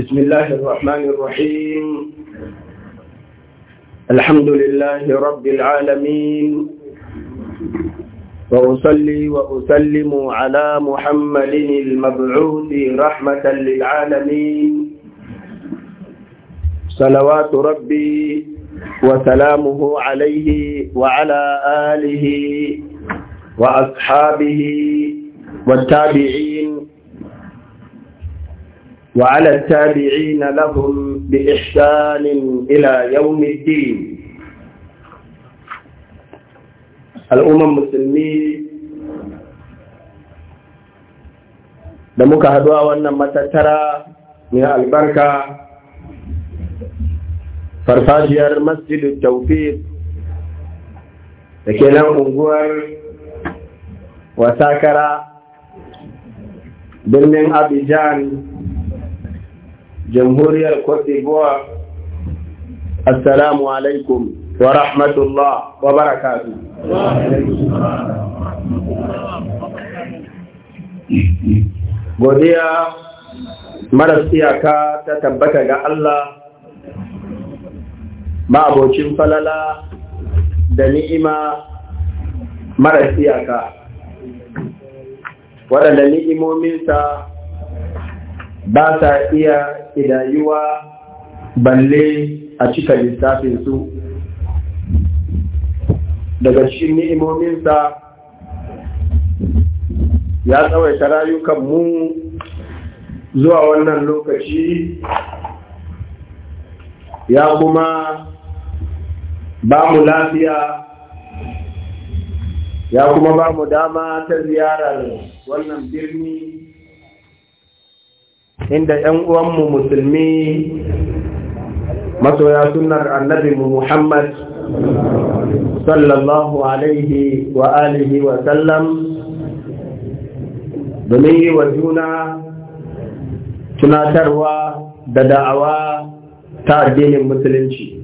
بسم الله الرحمن الرحيم الحمد لله رب العالمين وأصلي وأسلم على محمد المبعوث رحمة للعالمين صلوات ربي وسلامه عليه وعلى آله وأصحابه والتابعين وعلى التابعين لهم بإحسان إلى يوم الدين al'umman musulmi da muka haɗu a wannan matattara mai albarka farfajiyar masjidin taufiq da ke nan unguwar wasakara birnin abidjan jamhuriyar Cote d'Ivoire assalamu alaikum wa rahmatullah wa barakatu godiya maras iyaka ta tabbata ga Allah ma'abocin falala da ni'ima maras iyaka waɗanda ni'imominsa ba sa iya idayuwa balle a cika lissafinsu daga cikin ni'imominsa ya tsawaita rayukanmu zuwa wannan lokaci ya kuma ba mu lafiya ya kuma ba mu dama ta ziyarar wannan birni inda ‘yan uwanmu musulmi masoya sunar annabi Muhammad sallallahu alaihi wa alihi wa sallam domin yi wa juna tunatarwa da da'awa ta addinin musulunci.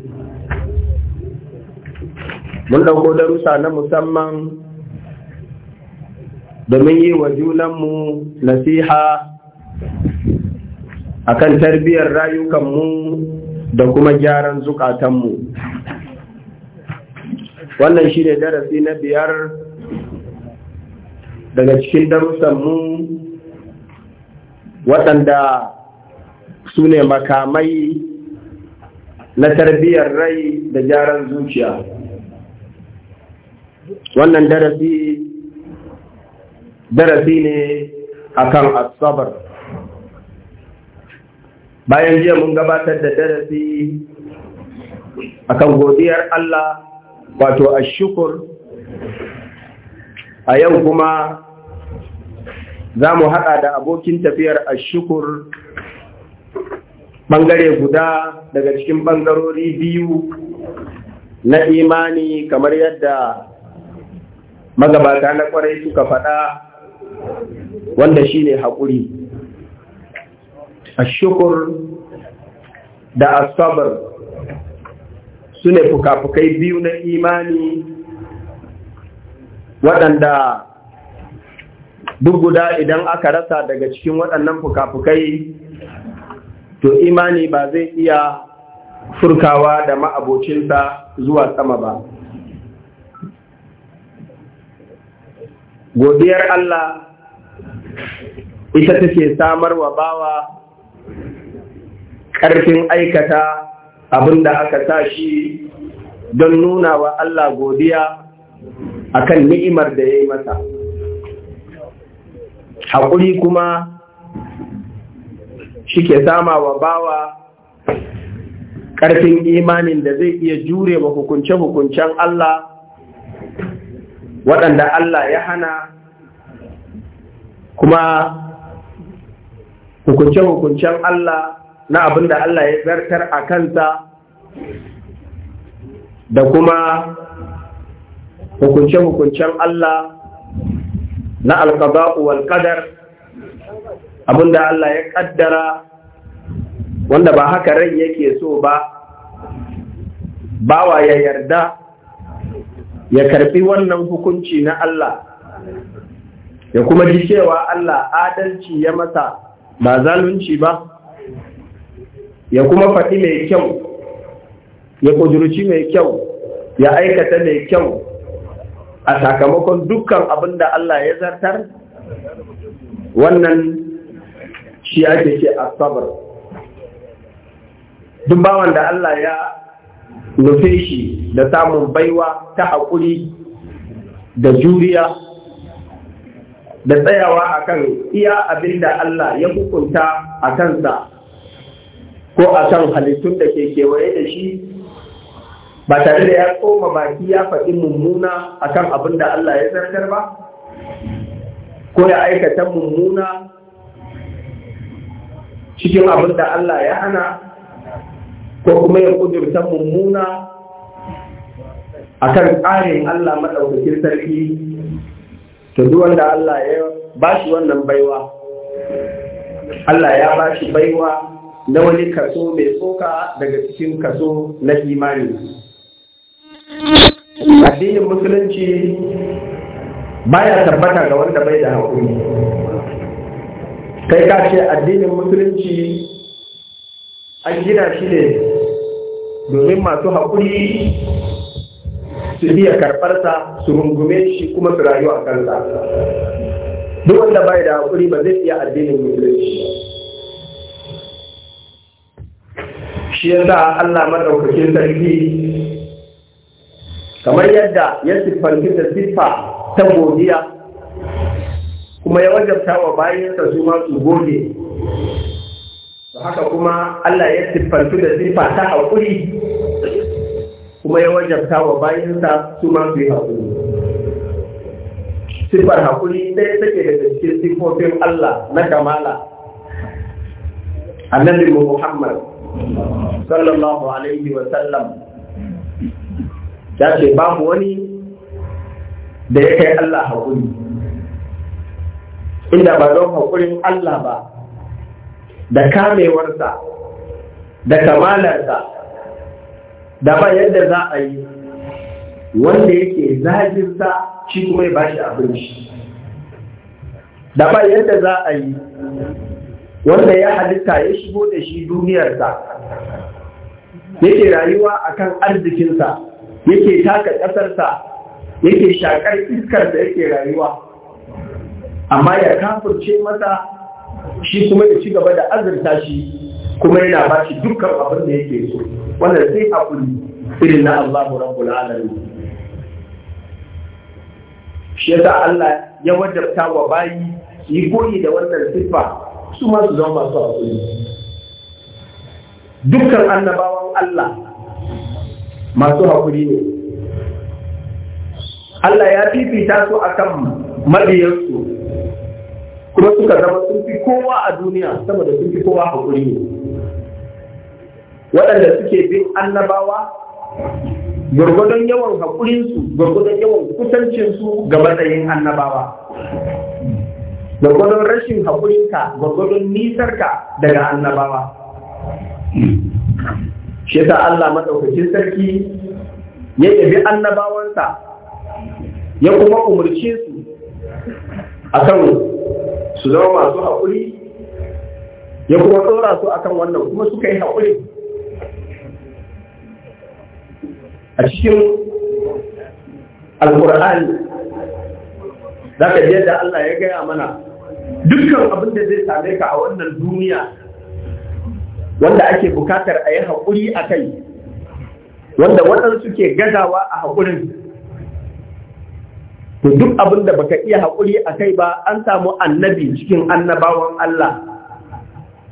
Mun ɗauko darussa na musamman domin yi wa junanmu nasiha akan tarbiyyar rayukanmu da kuma gyaran zukatanmu wannan shi ne darasi na biyar daga cikin darussanmu waɗanda su ne makamai na tarbiyyar rai da gyaran zuciya wannan darasi darasi ne akan asabar bayan jiya mun gabatar da darasi akan godiyar Allah wato ashukur a yau kuma za mu haɗa da abokin tafiyar ashukur ɓangare guda daga cikin ɓangarori biyu na imani kamar yadda magabata na ƙwarai suka faɗa wanda shine haƙuri ashukur da asabar su ne fuka-fukai biyu na imani waɗanda duk guda idan aka rasa daga cikin waɗannan fuka-fukai to imani ba zai iya furkawa da ma'abocinsa zuwa sama ba godiyar Allah ita take samar wa bawa ƙarfin aikata abin da aka sa shi don nuna wa Allah godiya a kan ni'imar da ya yi masa. Haƙuri kuma shi ke sama wa bawa ƙarfin imanin da zai iya jure wa hukunce-hukuncen Allah waɗanda Allah ya hana kuma hukunce-hukuncen Allah na abin da Allah ya zartar a kansa da kuma hukunce-hukuncen Allah na alkaba'u wal kadar abinda Allah ya ƙaddara wanda ba haka rai yake so ba bawa ya yarda ya karbi wannan hukunci na Allah ya kuma ji cewa Allah adalci ya masa ba zalunci ba ya kuma faɗi mai kyau ya ƙudurci mai kyau ya aikata mai kyau a sakamakon dukkan abin da Allah ya zartar wannan shi ake ce a sabar duk bawan da Allah ya nufe shi da samun baiwa ta haƙuri da juriya da tsayawa akan iya abin da Allah ya hukunta a kansa ko a kan halittun da ke kewaye da shi ba tare da ya koma baki ya faɗi mummuna a kan abin da Allah ya zartar ba ko ya aikata mummuna cikin abin da Allah ya hana ko kuma ya kudurta mummuna a kan tsarin Allah maɗaukakin sarki to duk wanda Allah ya ba shi wannan baiwa Allah ya ba shi baiwa na wani kaso mai tsoka daga cikin kaso na imani addinin musulunci baya tabbata ga wanda bai da haƙuri kai ka ce addinin musulunci an gina shi ne domin masu haƙuri su biya karɓarsa su rungume shi kuma su rayu a kansa duk wanda bai da haƙuri ba zai iya addinin musulunci shi sa Allah madaukakin sarki kamar yadda ya siffanci da siffa ta godiya kuma ya wajabta wa bayansa su ma su da haka kuma Allah ya siffanci da siffa ta haƙuri kuma ya wajabta wa bayansa su ma su yi haƙuri siffar haƙuri ɗaya take da cikin siffofin Allah na kamala annabi Muhammad sallallahu alaihi wa sallam ya ce babu wani da ya kai Allah haƙuri inda ba don haƙurin Allah ba da kamewarsa da kamalarsa da ba yadda za a yi wanda yake zajinsa shi kuma ya bashi abinci da ba yadda za a yi wanda ya halitta ya shigo da shi duniyarsa yake rayuwa a kan arzikinsa yake taka ƙasarsa yake shakar da yake rayuwa amma ya kafurce masa shi kuma ya ci gaba da azurta shi kuma yana ba shi dukkan abin da yake so wanda sai a hakuri irin na Allahu rabbul alamin shi yasa Allah ya wajabta wa bayi yi koyi da wannan siffa su ma su zama masu haƙuri dukkan annabawan Allah masu haƙuri ne Allah ya fifita su a kan mabiyansu kuma suka zama sun fi kowa a duniya saboda sun fi kowa haƙuri ne waɗanda suke bin annabawa gwargwadon yawan haƙurinsu gwargwadon yawan kusancinsu ga matsayin annabawa gwargwadon rashin haƙurinka gwargwadon nisarka daga annabawa shi yasa Allah maɗaukacin sarki ya yabi annabawansa ya kuma umarci su akan su zama masu haƙuri ya kuma tsora su akan wannan kuma suka yi haƙuri a cikin alƙur'ani za ka da Allah ya gaya mana dukkan abin da zai same ka a wannan duniya wanda ake bukatar a yi haƙuri a kai wanda waɗansu ke gazawa a haƙurin to duk abin da baka iya haƙuri a kai ba an samu annabi cikin annabawan Allah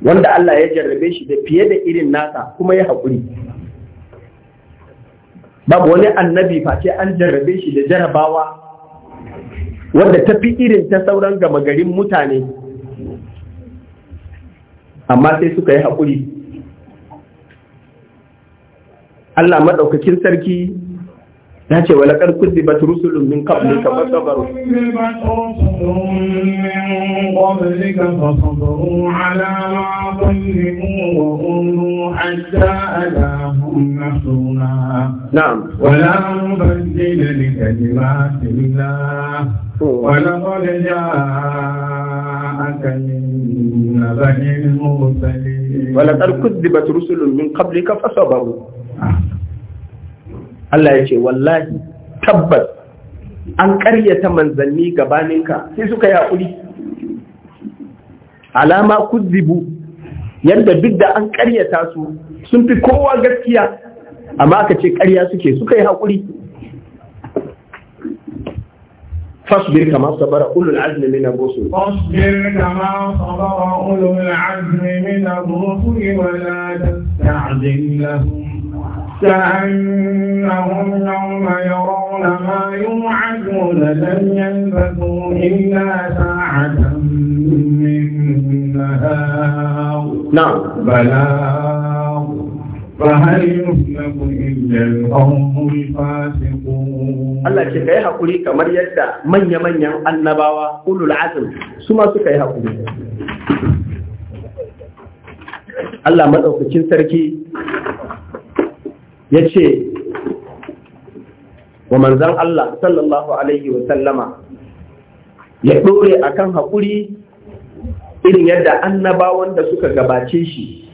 wanda Allah ya jarrabe shi da fiye da irin nasa kuma ya haƙuri babu wani annabi face an jarrabe shi da jarrabawa. wadda ta fi irin ta sauran gama garin mutane amma sai suka yi haƙuri Allah maɗaukakin sarki nace walakar kudi ba tu rusul min qabli ka basabaru نعم ولا مبدل لكلمات الله ولقد جاءك من نبأ المرسلين ولقد كذبت رسل من قبلك فصبروا Allah ya ce wallahi tabbas an ƙaryata manzanni gabaninka sai suka yi haƙuri alama kuzibu yadda duk da an ƙaryata su sun fi kowa gaskiya amma aka ce ƙarya suke suka yi haƙuri فاصبر كما صبر أولو العزم من الرسل فاصبر كما صبر أولو العزم من الرسل ولا تستعجل لهم كأنهم يوم يرون ما يوعدون لن يلبثوا إلا ساعة من نهار نعم بلاغ فهل يهلك إلا القوم الفاسقون Allah ce ka yi haƙuri kamar yadda manya-manyan annabawa ulul azm su ma suka yi haƙuri. Allah madaukakin sarki ya ce wa manzan Allah sallallahu Alaihi wasallama ya ɗore a kan haƙuri irin yadda annabawan da suka gabace shi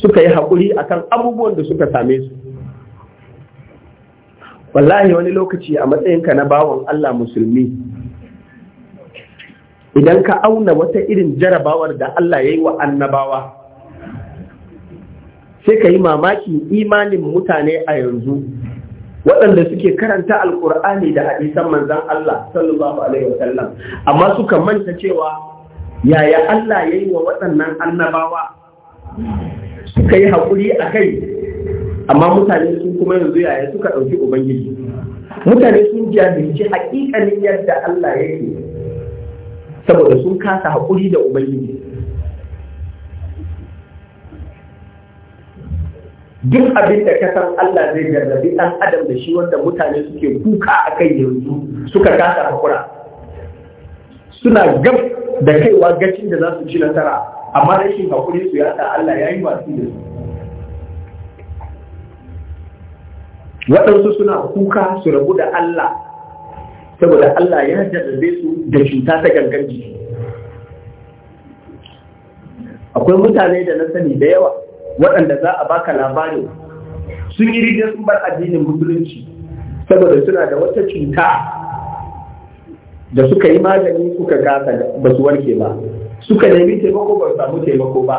suka yi haƙuri a kan abubuwan da suka same su. Wallahi wani lokaci a matsayinka na bawan Allah musulmi, idan ka auna wata irin jarabawar da Allah ya yi wa annabawa. sai ka yi mamaki imanin mutane a yanzu waɗanda suke karanta alkur'ani da hadisan manzan Allah sallallahu alaihi wasallam amma suka manta cewa yaya Allah ya yi wa waɗannan annabawa suka yi haƙuri a kai amma mutane sun kuma yanzu yaya suka ɗauki ubangiji mutane sun jahilci haƙiƙanin yadda Allah yake saboda sun kasa haƙuri da ubangiji duk abin da ka san Allah zai jarrabi ɗan adam da shi wanda mutane suke kuka a kai yanzu suka kasa hakura suna gab da kaiwa gacin da za su ci nasara amma rashin hakuri su ya sa Allah ya yi watsi da su waɗansu suna kuka su rabu da Allah saboda Allah ya jarrabe su da cuta ta gangan jiki akwai mutane da na sani da yawa waɗanda za a baka labarin sun yi rijiyar sun bar addinin musulunci saboda suna da wata cuta da suka yi magani suka gasa ba su warke ba suka nemi taimako ba su samu taimako ba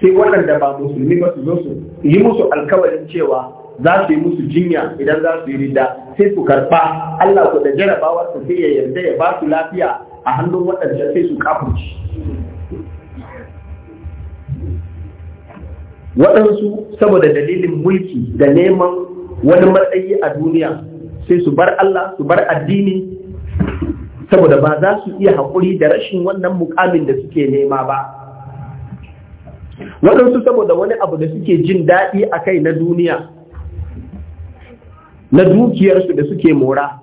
sai waɗanda ba musulmi ba su zo su yi musu alkawarin cewa za su yi musu jinya idan za su yi rida sai su karɓa Allah ku da jarabawar su sai ya yarda ya ba su lafiya a hannun waɗanda sai su kafurci waɗansu saboda dalilin mulki da neman wani matsayi a duniya sai su bar Allah su bar addini saboda ba za su iya haƙuri da rashin wannan mukamin da suke nema ba waɗansu saboda wani abu da suke jin daɗi a kai na duniya na dukiyarsu da suke mora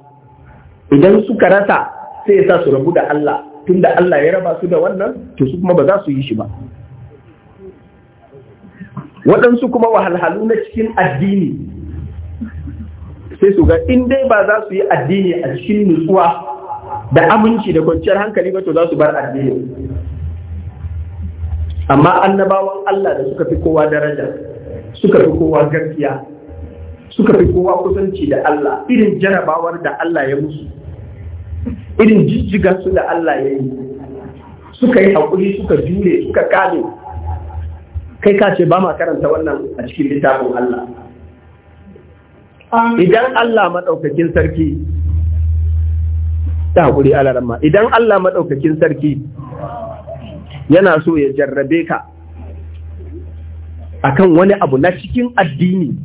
idan suka rasa sai ya sa su rabu da Allah tunda Allah ya raba su da wannan to su kuma ba za su yi shi ba waɗansu kuma wahalhalu na cikin addini sai su ga in dai ba za su yi addini a cikin nutsuwa da aminci da kwanciyar hankali ba to za su bar addini amma annabawan Allah da suka fi kowa daraja suka fi kowa gaskiya suka fi kowa kusanci da Allah irin jarabawar da Allah ya musu irin jijjiga su da Allah ya yi suka yi haƙuri suka jure suka kame kai ka ce ba ma karanta wannan a cikin littafin Allah idan Allah maɗaukakin sarki ta haƙuri alarama, idan Allah maɗaukakin sarki yana so ya jarrabe ka akan wani abu na cikin addini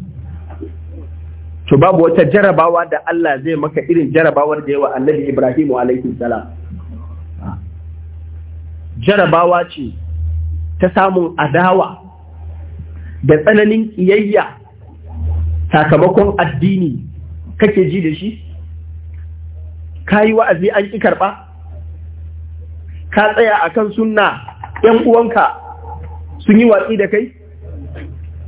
to babu wata jarrabawa da Allah zai maka irin jarabawar da yawa annabi Ibrahim alaihi salam jarabawa ce ta samun adawa da tsananin ƙiyayya sakamakon addini kake ji da shi ka yi wa'azi an ƙi karɓa ka tsaya a kan sunna ‘yan uwanka sun yi watsi da kai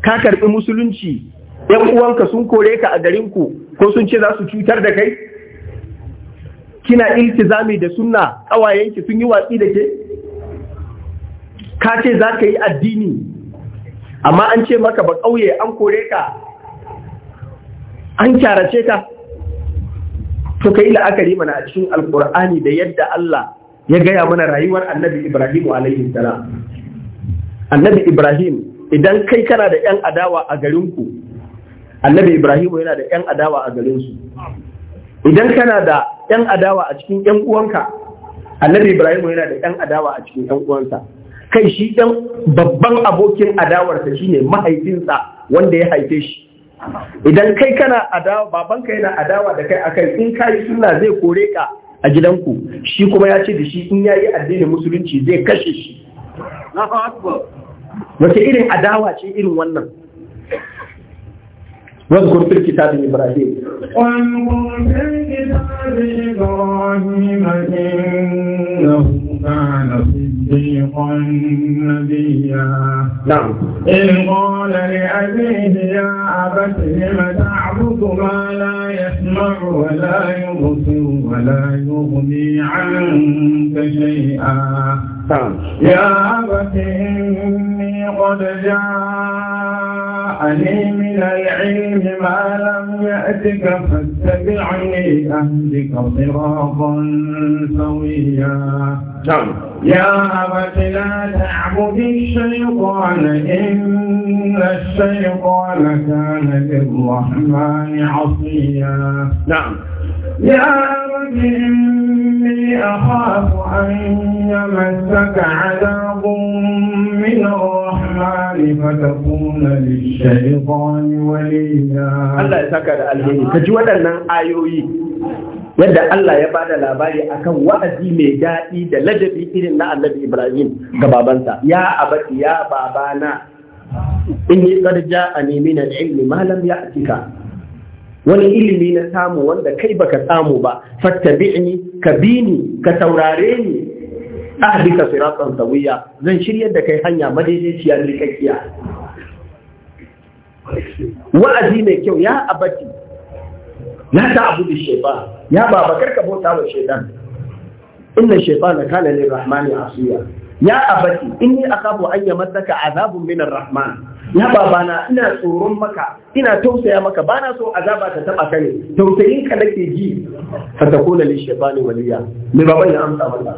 ka karɓi musulunci ‘yan uwanka sun kore ka a garinku ko sun ce za su cutar da kai kina iltizami da sunna ƙawayenki sun yi watsi da ke ka ce za ka yi addini amma an ce maka ba ƙauye an kore ka an kyarace ka to kai la'akari mana a cikin alkur'ani da yadda Allah ya gaya mana rayuwar annabi Ibrahim alaihi salam annabi Ibrahim idan kai kana da yan adawa a garinku annabi Ibrahim yana da yan adawa a garinsu idan kana da yan adawa a cikin yan uwanka annabi Ibrahim yana da yan adawa a cikin yan uwansa kai shi ɗan babban abokin adawarsa shine mahaifinsa wanda ya haife shi idan kai kana adawa babanka yana adawa da kai akan in kayi sunna zai kore ka a gidanku shi kuma ya ce da shi in yayi addinin musulunci zai kashe shi wace irin adawa ce irin wannan واذكر في الكتاب إبراهيم واذكر في الكتاب إبراهيم كان صديقا نبيا نعم إذ قال لأبيه يا أبت لم تعبد ما لا يسمع ولا يبصر ولا يغني عنك شيئا نعم يا أبت إني قد جاء أني من العلم ما لم يأتك فاتبعني أهدك صراطا سويا نعم. نعم يا أبت لا تعبد الشيطان إن الشيطان كان للرحمن عصيا نعم يا أبت إني أخاف أن يمسك عذاب من الرحمن فتكون للشيطان وليا الله يسكر الهي تجوى لنا آيوي yadda Allah ya bada labari akan wa'azi mai daɗi da ladabi irin na annabi Ibrahim ga babansa ya abati ya babana yi qad a nemi na ilmi malam ya ya'tika wani ilimi na samu wanda kai baka samu ba fattabi'ni ka bi ni, ka taurare ni ahdika siratan sawiya zan shirya da kai hanya madaidaiciya likakkiya wa'azi mai kyau ya abati la da shaytan ya baba karka bauta wa shaitan inna shaytana kana lirrahmani asiya ya abati inni akafu an yamassaka azabun minar rahman ya na ina tsoron maka ina tausaya maka bana so azaba ta taba kare tausayin ka nake ji fa ne li shaytani waliya me baban ya amsa maka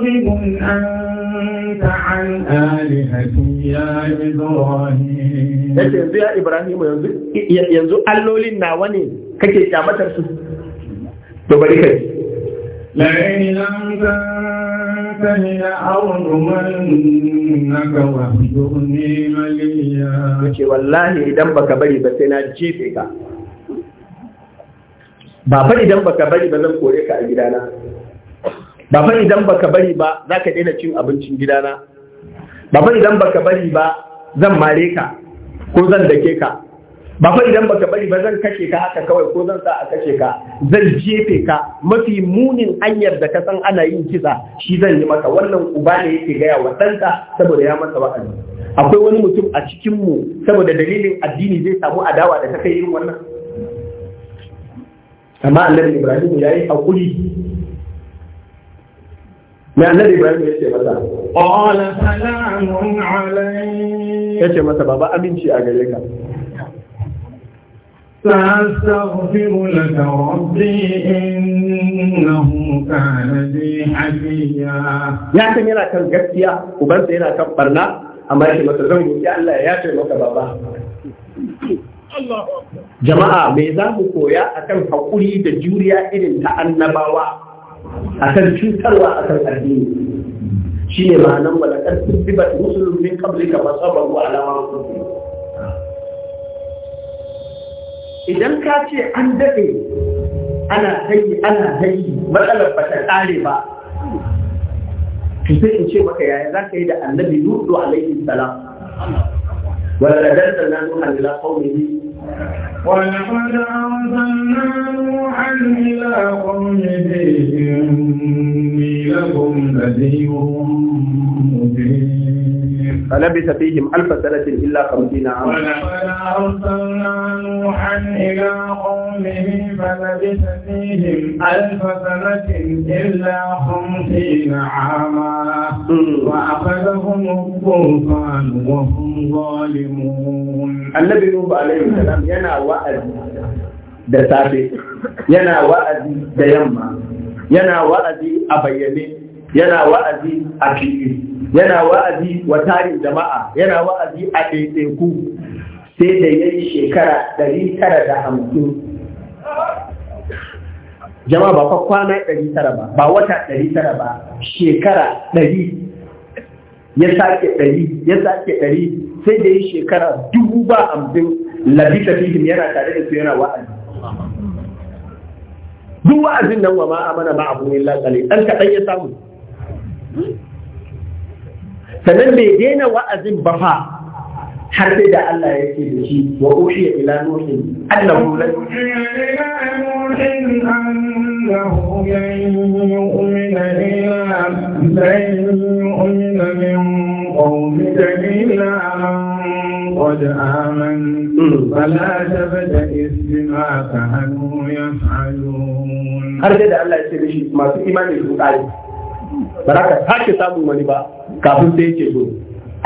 ya yi zuwa عن آلهتي yanzu ya يا yanzu yanzu allolin nawa ne? kake kyamatar su to bari kai na لم تنته لأرجمنك واهجرني مليا wallahi idan baka bari ba sai na jefe ka ba fa idan baka bari ba zan kore ka a gidana ba fa idan baka bari ba za ka daina cin abincin gidana ba fa idan baka bari ba zan mare ka ko zan dake ka ba fa idan baka bari ba zan kashe ka haka kawai ko zan sa a kashe ka zan jefe ka mafi munin hanyar da ka san ana yin kisa shi zan yi maka wannan uba ne yake gaya wa ɗanka saboda ya masa wa'azi akwai wani mutum a cikin mu saboda dalilin addini zai samu adawa da ta kai irin wannan amma annabi ibrahim ya yi hakuri me annabi ibrahim ya ce masa qala salamun alayhi ya ce masa baba aminci a gare ka سأستغفر لك ربي إنه كان بي حفيا يا كم يلا كان غسيا وبنت يلا كان أما يا مكا يا الله يا بابا jama'a me za mu koya akan hakuri da juriya irin ta annabawa akan cutarwa akan addini shine ma'anan wala kan tibat musulmin qablika fasabaru ala ma idan ka ce an daɗe ana hayi ana hayi matsalar ba ta ƙare ba in ce maka yaya za ka yi da annabi a alaihi salam wala da dan nan ولقد أرسلنا نوحا إلى قومه إني لكم نذير فلبث فيهم ألف سنة إلا خمسين عاما ولقد أرسلنا نوحا إلى قومه فلبث فيهم ألف سنة إلا خمسين عاما وأخذهم الطوفان وهم ظالمون النبي نوح عليه السلام ينا وعد da ينا yana wa'azi ينا yamma yana ينا a أكيد. yana wa'azi wa tarin jama'a yana wa'azi a ɗaiɗaiku sai da ya yi shekara ɗari tara da hamsin jama'a ba kwakwana kwana ɗari tara ba ba wata ɗari tara ba shekara ɗari ya sake ɗari ya sake ɗari sai da yi shekara dubu ba hamsin labita fihim yana tare da su yana wa'azi duk wa'azin nan wa ma'amana ba ma abu illa qalil dan kaɗan ya samu sannan bai daina wa'azin ba fa har sai da Allah ya ce da shi wa ila nuhin annahu la أنه لن يؤمن إلا من قومك إلا من قد آمن فلا تبتئس بما كانوا يفعلون. هل الله يسير شيء ما في إيمان البخاري ba za ka sake samun wani ba kafin sai yake zo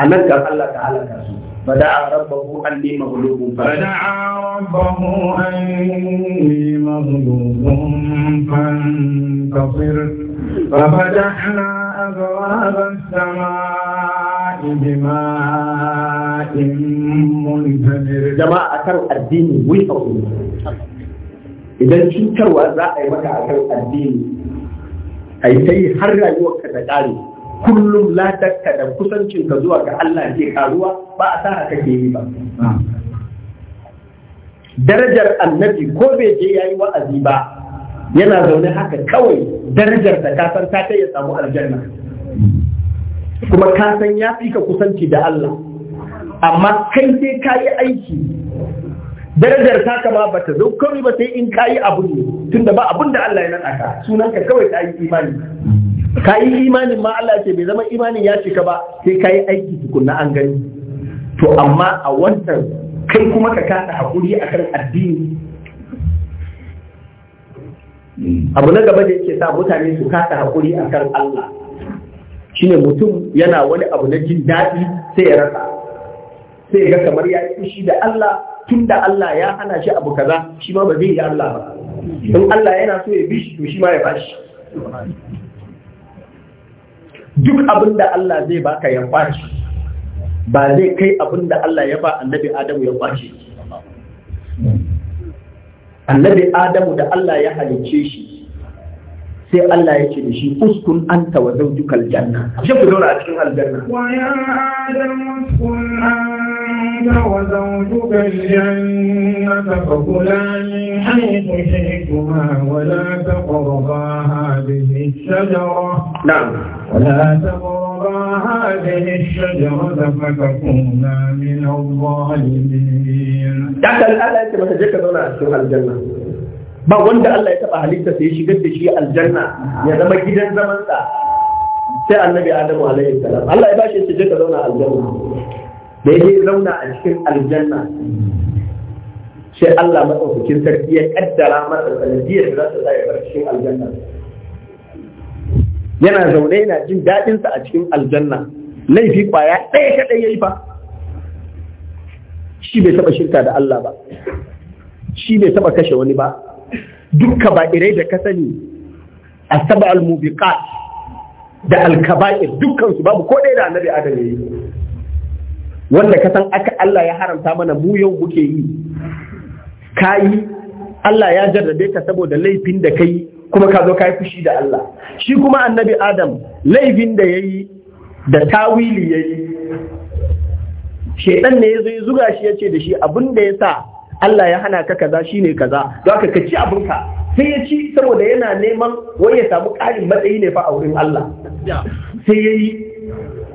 a nan kan Allah ta halaka su فدعا ربه أني مغلوب فدعا ربه أني مغلوب فانتصر ففتحنا أبواب السماء بماء منهمر جماعة الدين ويحوه إذا شكروا أزاء مكة الدين ai sai har rayuwar ka ta ƙare kullum latarka da kusancinka zuwa ga Allah ke karuwa ba a sa kake yi ba darajar annabi ko bai je yayi wa'azi ba yana zaune haka kawai darajar da ka san ta kai ya samu aljanna kuma ka san ya fi ka kusanci da Allah amma kai sai ka yi aiki darajar ta kama ba ta zo kawai ba sai in ka yi abu ne tunda ba abin da Allah ya nan sunanka sunan ka kawai ka yi imani ka yi imanin ma Allah ce bai zama imanin ya cika ba sai ka yi aiki tukunna an gani to amma a wannan kai kuma ka kasa hakuri akan addini abu na gaba da yake sa mutane su kasa hakuri akan Allah shine mutum yana wani abu na jin daɗi sai ya rasa sai ga kamar ya yi shi da Allah tun da Allah ya hana shi abu kaza shi ma ba zai yi Allah ba in Allah yana so ya bi shi to shi ma ya bashi duk abinda da Allah zai baka ya shi, ba zai kai abinda Allah ya ba annabi Adamu ya shi. annabi Adamu da Allah ya halicce shi sai Allah ya ce da shi uskun anta wa zawjukal janna shi ku zauna a cikin aljanna wa ya adamu أنت وزوجك الجنة فكلا من حيث شئتما ولا تقربا هذه الشجرة نعم ولا تقربا هذه الشجرة فتكونا من الظالمين. Dakan Allah ya ce mata je ka zauna a cikin aljanna. Ba wanda Allah ya taɓa halitta sai shigar da shi aljanna ya zama gidan zamansa sai annabi Adamu alaihi salam. Allah ya bashi ya ce je ka zauna a aljanna. da ya zauna a cikin aljanna sai Allah maɗaukakin sarki ya kaddara masa sanadiyar da za ta tsaye bar cikin aljanna yana zaune yana jin daɗinsa a cikin aljanna laifi ƙwaya ɗaya kaɗai ya yi fa shi bai taɓa shirka da Allah ba shi bai taɓa kashe wani ba dukka ba irai da ka sani a saba al da al dukkansu babu ko ɗaya da annabi adam ya yi wanda ka san aka Allah ya haramta mana mu yau muke yi ka yi Allah ya jarrabe ka saboda laifin da ka kuma ka zo ka yi fushi da Allah shi kuma annabi Adam laifin da ya yi da tawili ya yi shaidan ne ya zo ya zuga shi ya ce da shi abin da ya sa Allah ya hana ka kaza shine kaza don haka ka ci abinka sai ya ci saboda yana neman wai ya samu ƙarin matsayi ne fa a wurin Allah sai ya yi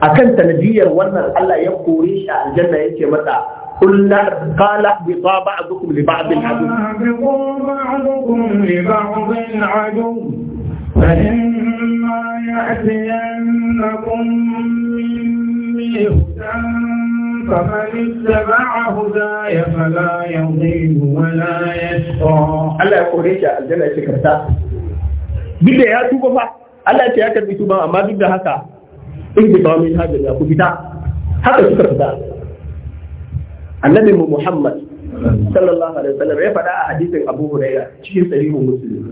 a kan sanadiyar wannan Allah ya kore shi a aljanna ya ce mata kulla qala bi ba'dukum li ba'd al adu Allah ya kore shi a aljanna ya ce karta. Bidda ya tuba fa, Allah ya ce ya karbi tuba amma duk da haka ihdi ba min hajjar ya ku fita haka suka fita annabi mu muhammad sallallahu alaihi wasallam ya faɗa a hadisin abu huraira cikin sahihun muslim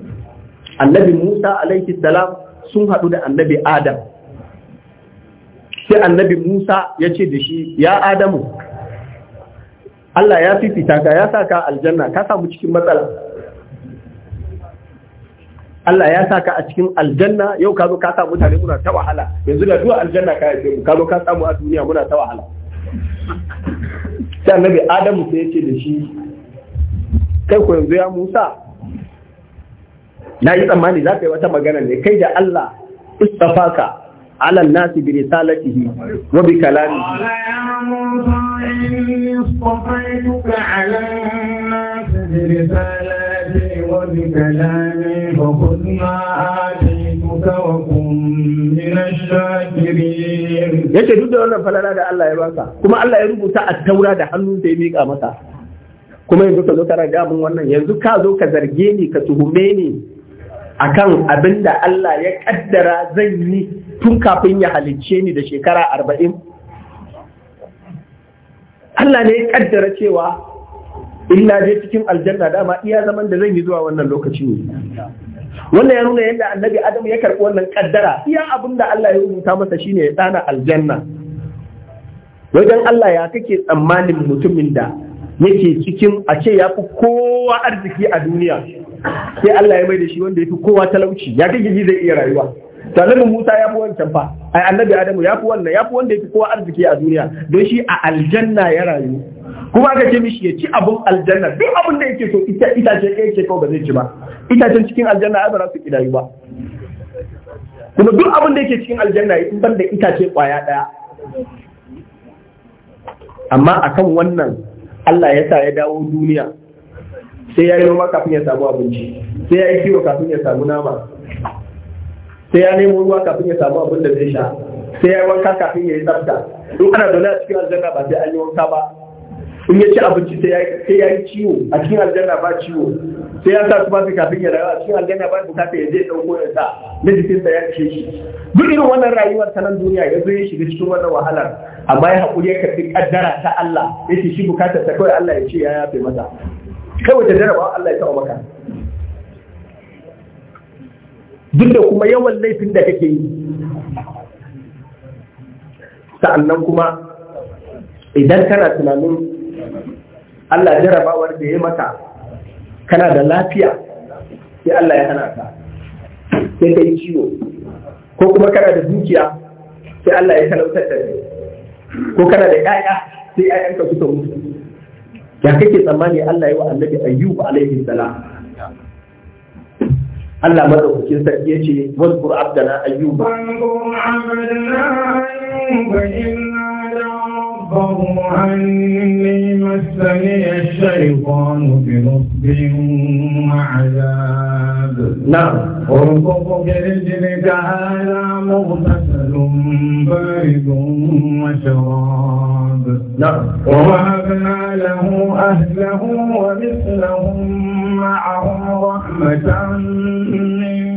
annabi musa alaihi salam sun haɗu da annabi adam sai annabi musa ya ce da shi ya adamu Allah ya fifita ka ya sa ka aljanna ka samu cikin matsala Allah ya saka a cikin aljanna yau ka zo ka samu mutane muna ta wahala yanzu da zuwa aljanna ka yi mu ka zo ka samu a duniya muna ta wahala sai annabi Adamu sai yace da shi kai ko yanzu ya Musa na yi tsammani za ka yi wata magana ne kai da Allah istafaka ala nasi bi risalatihi wa bi kalamihi ala nasi bi risalatihi yake duk da wannan falala da Allah ya baka kuma Allah ya rubuta a taura da hannun da ya mika masa kuma yanzu ka zo ka raga mun wannan yanzu ka zo ka zarge ni ka tuhume ni akan abin da Allah ya kaddara zan yi tun kafin ya halicce ni da shekara arba'in Allah ne ya kaddara cewa in na je cikin aljanna dama iya zaman da zan yi zuwa wannan lokaci ne wannan ya nuna yadda annabi adam ya karɓi wannan kaddara iya abin da Allah ya rubuta masa shine ya tsana aljanna wajen Allah ya kake tsammanin mutumin da yake cikin a ce ya fi kowa arziki a duniya sai Allah ya mai da shi wanda ya fi kowa talauci ya kake zai iya rayuwa tare Musa ya fi wancan fa ai annabi Adamu ya fi wannan ya fi wanda yake kowa arziki a duniya don shi a aljanna ya rayu kuma aka ce mishi ya ci abun aljanna duk abun da yake so ita itace kai ce kawai ba zai ci ba itacen cikin aljanna ai ba za su rayu ba kuma duk abun da yake cikin aljanna in ban da itace kwaya daya amma akan wannan Allah ya sa ya dawo duniya sai ya yi noma kafin ya samu abinci sai ya yi kiwo kafin ya samu nama sai ya nemo ruwa kafin ya samu abin da zai sha sai ya wanka kafin ya yi tsafta in ana zaune a cikin aljanna ba sai an yi wanka ba in ya ci abinci sai ya yi ciwo a cikin aljanna ba ciwo sai ya sa tufafi kafin ya rayu a cikin aljanna ba kafin ya zai ɗauko ya sa na sa ya ce shi duk irin wannan rayuwar ta nan duniya ya zo ya shiga cikin wannan wahalar amma ya haƙuri ya karɓi ƙaddara ta Allah ya ce shi bukatar ta kawai Allah ya ce ya yafe masa. kawai ta jarabawa Allah ya taɓa maka duk da kuma yawan laifin da kake yi sa'annan kuma idan kana tunanin Allah jarabawar da ya maka kana da lafiya sai Allah ya hana ka sai ka yi ciwo ko kuma kana da dukiya sai Allah ya talautar da kai ko kana da 'ya'ya sai 'ya'yanka suka mutu ya kake tsammani Allah ya wa annabi ayyub alaihi salam Allah madaukakin sarki yace wasbur abdana ayyuba تدبروا عني مسني الشيطان بنصب وعذاب نعم اربط برجلك هذا مغتسل بارد وشراب نعم ووهبنا له أهله ومثلهم معهم رحمة منا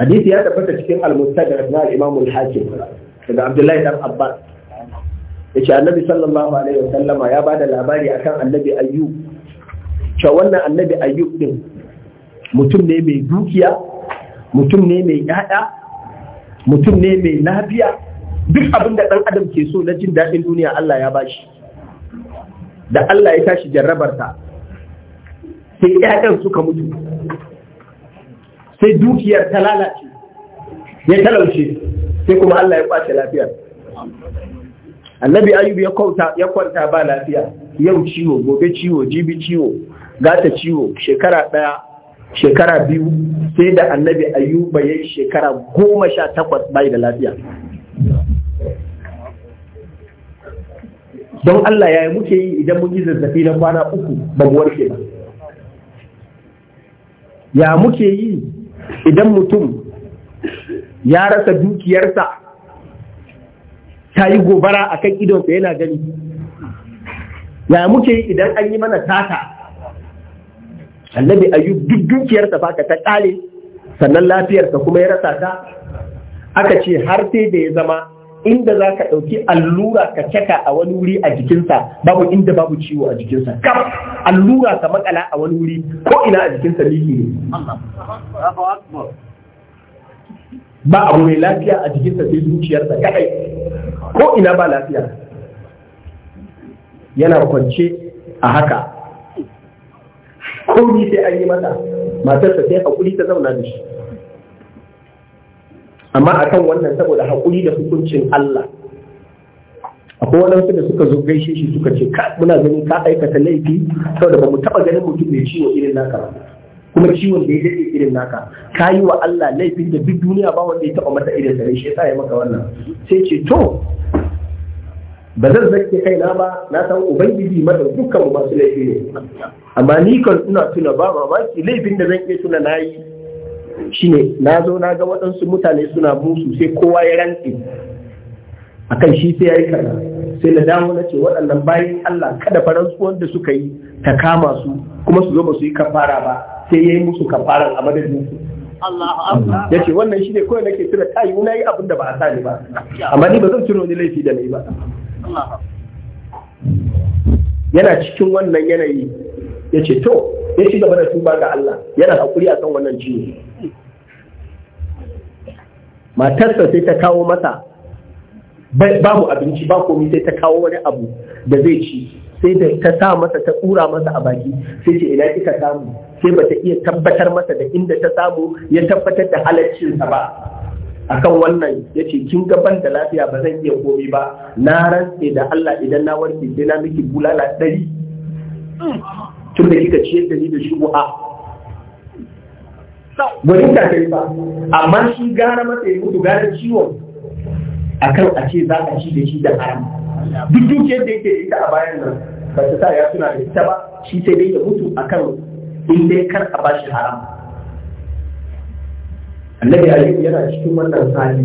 hadisi ya tabbata cikin al-mustadrak na al-imam al-hakim daga abdullahi dan abbas yace annabi sallallahu alaihi wa sallama ya bada labari akan annabi ayyub cewa wannan annabi ayyub din mutum ne mai dukiya mutum ne mai yada mutum ne mai lafiya duk abin da dan adam ke so na jin daɗin duniya Allah ya bashi da Allah ya tashi jarrabarta sai ƴaƴan suka mutu sai dukiyar ta lalace ya talauce sai kuma Allah ya kwace lafiya annabi ayubu ya kwanta ba lafiya yau ciwo gobe ciwo jibi ciwo gata ciwo shekara ɗaya shekara biyu sai da annabi ayuba ya shekara goma sha takwas bai da lafiya don Allah ya yi muke yi idan mun yi zazzafi na kwana uku ba warke ba ya muke yi idan mutum ya rasa dukiyarsa ta yi gobara a kan idonsa yana gani ya muke idan an yi mana tata annabi ayyub duk dukiyarsa ka ta ƙare sannan lafiyarsa kuma ya rasa ta aka ce har sai da ya zama inda za ka ɗauki allura ka caka a wani wuri a jikinsa babu inda babu ciwo a jikinsa kaf allura ka makala a wani wuri ko ina a jikinsa liki ne ba abu mai lafiya a jikinsa sai zuciyarsa kadai ko ina ba lafiya yana kwance a haka komi sai an yi mata matarsa sai hakuri ta zauna da shi amma akan wannan saboda haƙuri da hukuncin Allah akwai waɗansu da suka zo gaishe shi suka ce muna ganin ka aikata laifi saboda ba mu taɓa ganin mutum mai ciwo irin naka ba kuma ciwon da ya daɗe irin naka ka yi wa Allah laifin da duk duniya ba wanda ya taɓa mata irin sa shi yasa ya maka wannan sai ce to ba zan zake kaina ba na san ubangiji mata dukkan masu laifi ne amma ni kan ina tuna ba mamaki laifin da zan iya tuna na yi shine na zo na ga waɗansu mutane suna musu sai kowa ya rantse a kan shi sai ya yi kaza sai na damu na ce waɗannan bayan Allah kada faransu wanda suka yi ta kama su kuma su zo ba su yi kafara ba sai ya yi musu kafaran a madadin su ya ce wannan shi ne kawai nake tura tayi na yi abin da ba a sani ba amma ni ba zan tuna wani laifi da na ba yana cikin wannan yanayi ya ce to ya ci gaba da tuba ga Allah yana hakuri a kan wannan ciwo matarsa sai ta kawo masa babu abinci ba komi sai ta kawo wani abu da zai ci sai da ta sa masa ta tsura masa a baki sai ce ina kika samu sai ba ta iya tabbatar masa da inda ta samu ya tabbatar da halaccinsa ba A kan wannan ya ce kin gaban da lafiya ba zan iya komi ba na rantse da Allah idan na warke sai na miki bulala ɗari tun da kika ciyar da ni da shi shubuha wani ta kai ba amma shi gara masa ya mutu gara ciwon A kan a ce za a ci da shi da haram duk dukiyar da yake ita a bayan nan ba ta sa ya suna da ita ba shi sai dai ya mutu a kan in dai kar a bashi haram annabi alayhi yana cikin wannan hali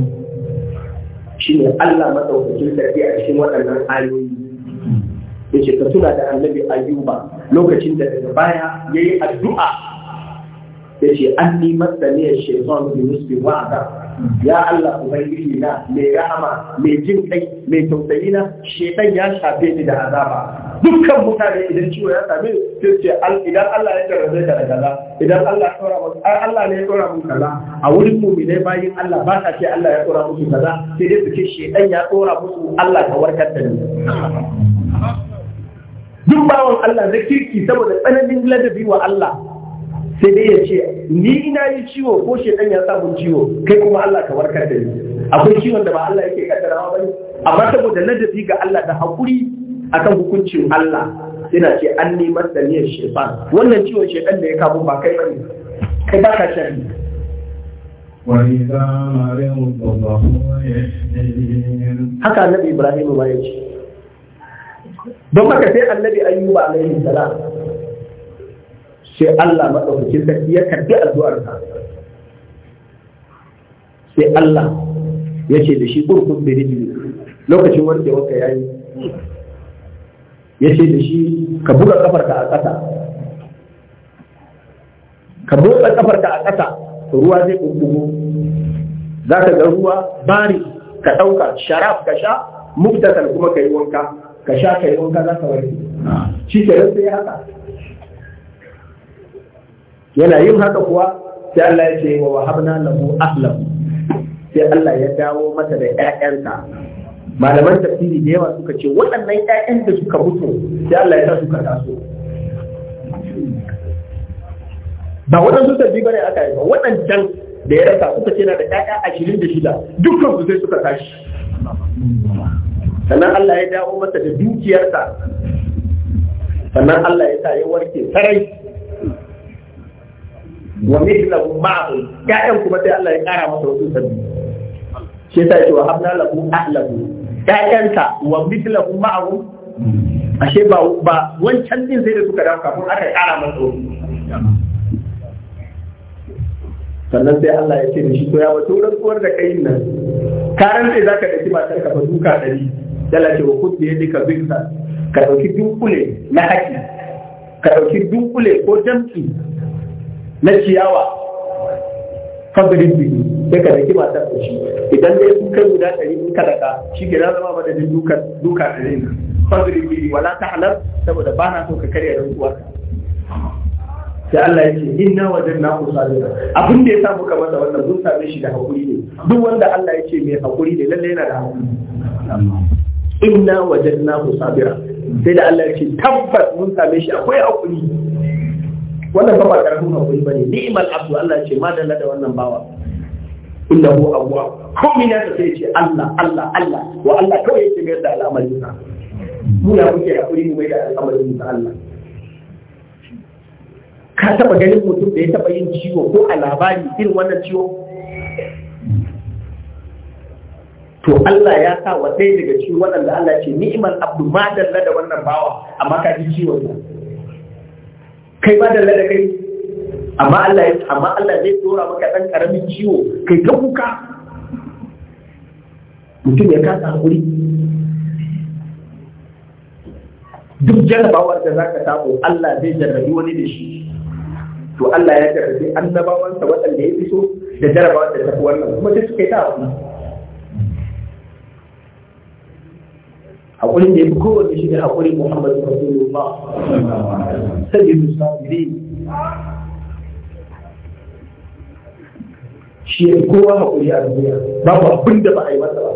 shine Allah madaukakin sarki a cikin waɗannan ayoyi yace ka tuna da annabi ayyuba lokacin da daga baya yayi addu'a yace anni masaniya shaytan bi nusbi wa'da ya Allah ubangiji na mai rahama mai jin kai mai tausayi na shaytan ya shafe ni da azaba dukkan mutane idan ciwo ya same su ce idan Allah ya jarrabe ka da gaza idan Allah ya tsora mu Allah ne ya tsora mu kaza a wurin ne bayin Allah ba sa ce Allah ya tsora musu kaza sai dai su ce shedan ya tsora musu Allah ka warkar da ni duk bawan Allah na kirki saboda tsananin ladabi wa Allah sai dai ya ce ni ina yi ciwo ko shedan ya samu ciwo kai kuma Allah ka warkar da ni akwai ciwon da ba Allah yake ba ne? amma saboda ladabi ga Allah da hakuri akan hukuncin Allah yana ce an nemar da niyyar wannan ciwon shedan da ya kawo ba kai bane kai ba ka shari haka annabi Ibrahim ba ya ce don haka sai annabi ayyuba alaihi salam sai Allah madaukakin sarki ya karbi addu'ar sa sai Allah ya ce da shi kurkun da rijili lokacin wanda wanka yayi ya ce da shi ka buga ka a ƙasa ka buga ka a ƙasa ruwa zai kunkumo za ka ga ruwa bari ka ɗauka sharaf ka sha muktasar kuma ka yi wanka ka sha ka yi wanka za ka warke shi ke sai haka yana yin haka kuwa sai Allah ya ce wa wahabna lahu ahlahu sai Allah ya dawo mata da ƴaƴanta malaman tafsiri da yawa suka ce waɗannan ƴaƴan da suka mutu sai Allah ya sa suka taso ba waɗansu tabbi bane aka yi ba waɗancan da ya rasa suka ce na da ƴaƴa ashirin da shida dukkan su sai suka tashi sannan Allah ya dawo masa da dukiyarsa sannan Allah ya sa ya warke sarai wa mithlahu ma'ahu ya'yan kuma sai Allah ya kara masa wasu sabbi shi yasa wa habna lahu ahlahu ya'yanta wa mithlahu ma'ahu ashe ba ba wancan din sai da suka dawo kafin aka kara masa wasu sannan sai Allah ya ce da shi to ya wato rantsuwar da kai nan ka rantsa zaka dace matar ka fa duka dari dala ce wa kudde yadda ka biksa ka ɗauki dunkule na haƙi ka ɗauki dunkule ko jamki na ciyawa fagarin biyu sai ka daki masu da shi idan dai sun kai guda ɗari in ka shi ke da zama ba da duka ɗari zai fagarin biyu wala ta halar saboda ba na so ka karya don uwarka sai Allah ya ce inna wajen na ku sabira abin da ya samu kamar masa wannan mun same shi da hakuri ne duk wanda Allah ya ce mai hakuri ne lallai yana da haƙuri? inna wajadnahu sabira sai da Allah ya ce tabbas mun same shi akwai hakuri wannan ba karamin hakuri bane ni'mal abdu Allah ya ce dalla da wannan bawa inna hu awwa ko min ya sai ce Allah Allah Allah wa Allah kawai yake mai da al'amarin sa mu ya muke hakuri mu mai da al'amarin sa Allah ka taba ganin mutum da ya taba yin ciwo ko a labari irin wannan ciwo to Allah ya sa wa ɗaya daga ciwon waɗanda Allah ce ni'imar abdu ma dalla da wannan bawa amma ka ji ciwon sa kai ba dalla da kai amma Allah amma Allah zai tsora maka ɗan ƙaramin ciwo kai ta kuka mutum ya kasa hakuri duk jarabawar da zaka samu Allah zai jarrabi wani da shi to Allah ya jarrabi annabawansa waɗanda ya fi so da jarabawar da ta fi wannan kuma sai suka yi ta hakuri haƙurin da ya fi kowanne shi ne haƙurin muhammadu rasulullah sayyidu sabiri shi ya Shi kowa haƙuri a duniya babu abin da ba a yi masa ba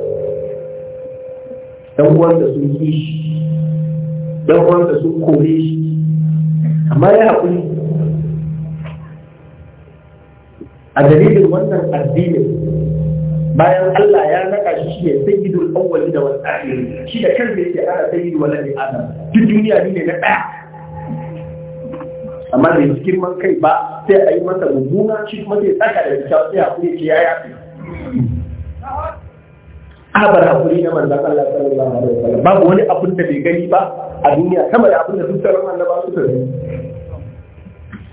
dan uwansa sun yi shi dan uwansa sun kore shi amma ya hakuri a dalilin wannan addinin bayan Allah ya shi ne sayyidul awwal da wal akhir shi da kansa yake ana sayyid wal adam duk duniya ne na daya amma da cikin man kai ba sai a yi masa mummuna shi kuma sai tsaka da kyau sai hakuri ce ya yafi abar hakuri na manzo Allah sallallahu alaihi wasallam babu wani abun da bai gani ba a duniya sama da abun da duk sauran annaba su gani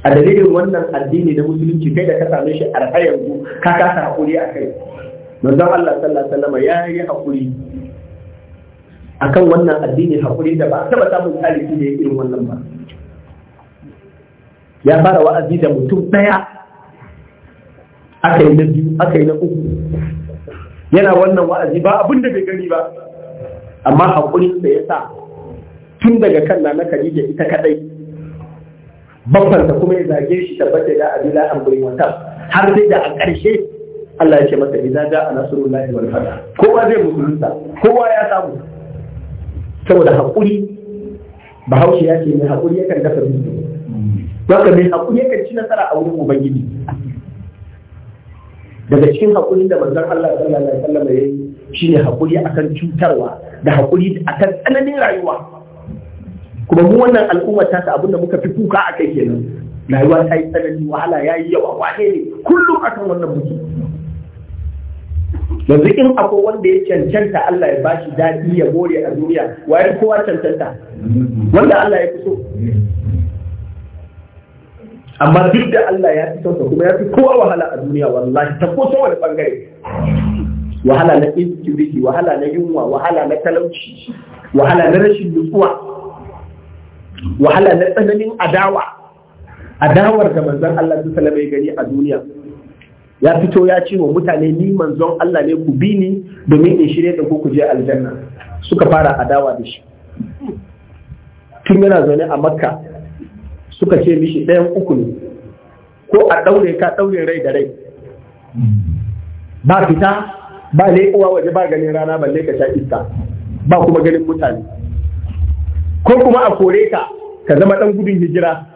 a dalilin wannan addini na musulunci kai da ka same shi a yanzu ka kasa hakuri a kai manzon Allah sallallahu alaihi wasallam ya yi hakuri akan wannan addini hakuri da ba taba samun talibi da irin wannan ba ya fara wa'azi da mutum daya aka yi na biyu aka yi na uku yana wannan wa'azi ba abin da bai gani ba amma hakurin da ya sa tun daga kan na da ita kadai babbansa kuma ya zage shi tabbata da abila an gurin wata har sai da a ƙarshe Allah ya ce masa idan ja a nasrullahi wal fath kowa zai musulunta kowa ya samu saboda haƙuri bahaushe ya ce mai haƙuri yakan dafa dutse haka mai haƙuri yakan ci nasara a wurin ubangiji daga cikin haƙuri da manzon Allah sallallahu alaihi wasallam ya yi shine haƙuri akan cutarwa da haƙuri akan tsananin rayuwa kuma mu wannan al'umma ta ta abinda muka fi kuka a kenan rayuwa ta yi tsanani wahala ya yi yawa wahale kullum akan wannan mutum yanzu in akwai wanda ya cancanta Allah ya bashi daɗi ya more a duniya wayar kowa cancanta wanda Allah ya fi so amma duk da Allah ya fi sauka kuma ya fi kowa wahala a duniya wallahi ta ko wani bangare wahala na insecurity wahala na yunwa wahala na talauci wahala na rashin nutsuwa wahala na tsananin adawa adawar da manzon Allah su salama ya gani a duniya ya fito ya ce wa mutane ni manzon Allah ne ku bi ni domin in shirye da ku je aljanna suka fara adawa da shi tun yana zaune a makka suka ce mishi ɗayan uku ne ko a ɗaure ka ɗaure rai da rai ba fita ba leƙowa waje ba ganin rana ba ka sha iska ba kuma ganin mutane ko kuma a kore ka ka zama ɗan gudun hijira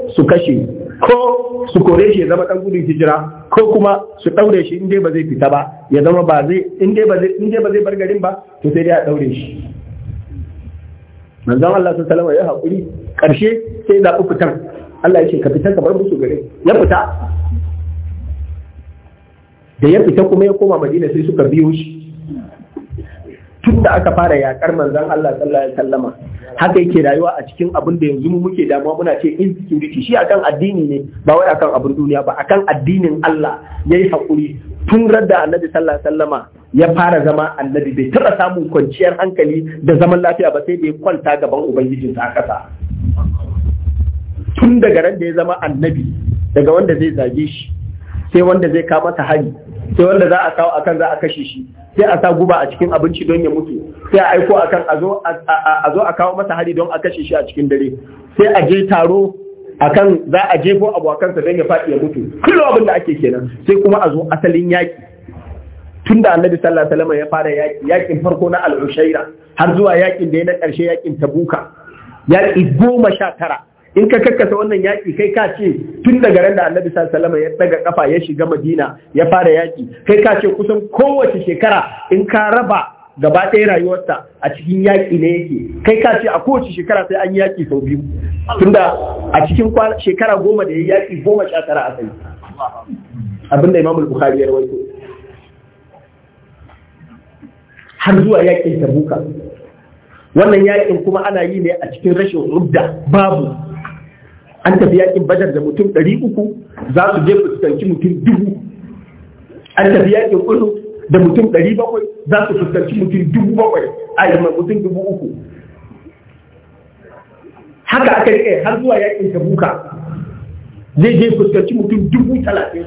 su kashe ko su kore shi ya zama ɗan gudun hijira ko kuma su ɗaure shi inda ba zai fita ba ya zama ba zai inda ba zai inda ba zai bar garin ba to sai dai a ɗaure shi manzon Allah sallallahu alaihi wasallam ya haƙuri ƙarshe sai da ku fitar Allah ya ce ka fitar ka bar musu gare ya fita da ya fita kuma ya koma Madina sai suka biyo shi tun da aka fara yakar manzon Allah sallallahu alaihi wasallama haka yake rayuwa a cikin abin da yanzu mu muke damuwa muna ce in insecurity shi akan addini ne ba wai akan abin duniya ba akan addinin Allah yayi hakuri tun radda annabi sallallahu alaihi wasallama ya fara zama annabi bai taɓa samun kwanciyar hankali da zaman lafiya ba sai da ya kwanta gaban ubangijinsa a kasa tun daga ran da ya zama annabi daga wanda zai zage shi sai wanda zai kama ta hari sai wanda za a kawo akan za a kashe shi sai a sa guba a cikin abinci don ya mutu sai a aiko akan a zo a zo a kawo masa hari don a kashe shi a cikin dare sai a je taro akan za a jefo abu akansa don ya faɗi ya mutu kullum abin da ake kenan sai kuma a zo asalin yaƙi tun da annabi sallallahu alaihi wasallam ya fara yaƙi yaƙin farko na al-ushaira har zuwa yaƙin da ya na ƙarshe yaƙin tabuka yaƙi goma sha tara in ka kakkasa wannan yaƙi kai ka ce tun daga ran da annabi sallallahu ya daga kafa ya shiga madina ya fara yaƙi kai ka ce kusan kowace shekara in ka raba gaba ɗaya rayuwarsa a cikin yaƙi ne yake kai ka ce a kowace shekara sai an yaƙi sau biyu tunda a cikin shekara goma da ya yaƙi goma sha tara a sai abinda imam bukhari ya rawaito har zuwa yaƙin tabuka wannan yaƙin kuma ana yi ne a cikin rashin rubda babu an tafi yakin badar da mutum ɗari uku za su je fuskanci mutum dubu an tafi yakin uku da mutum ɗari bakwai za su fuskanci mutum dubu bakwai a yi mutum dubu uku haka aka riƙe har zuwa yakin tabuka zai je fuskanci mutum dubu talatin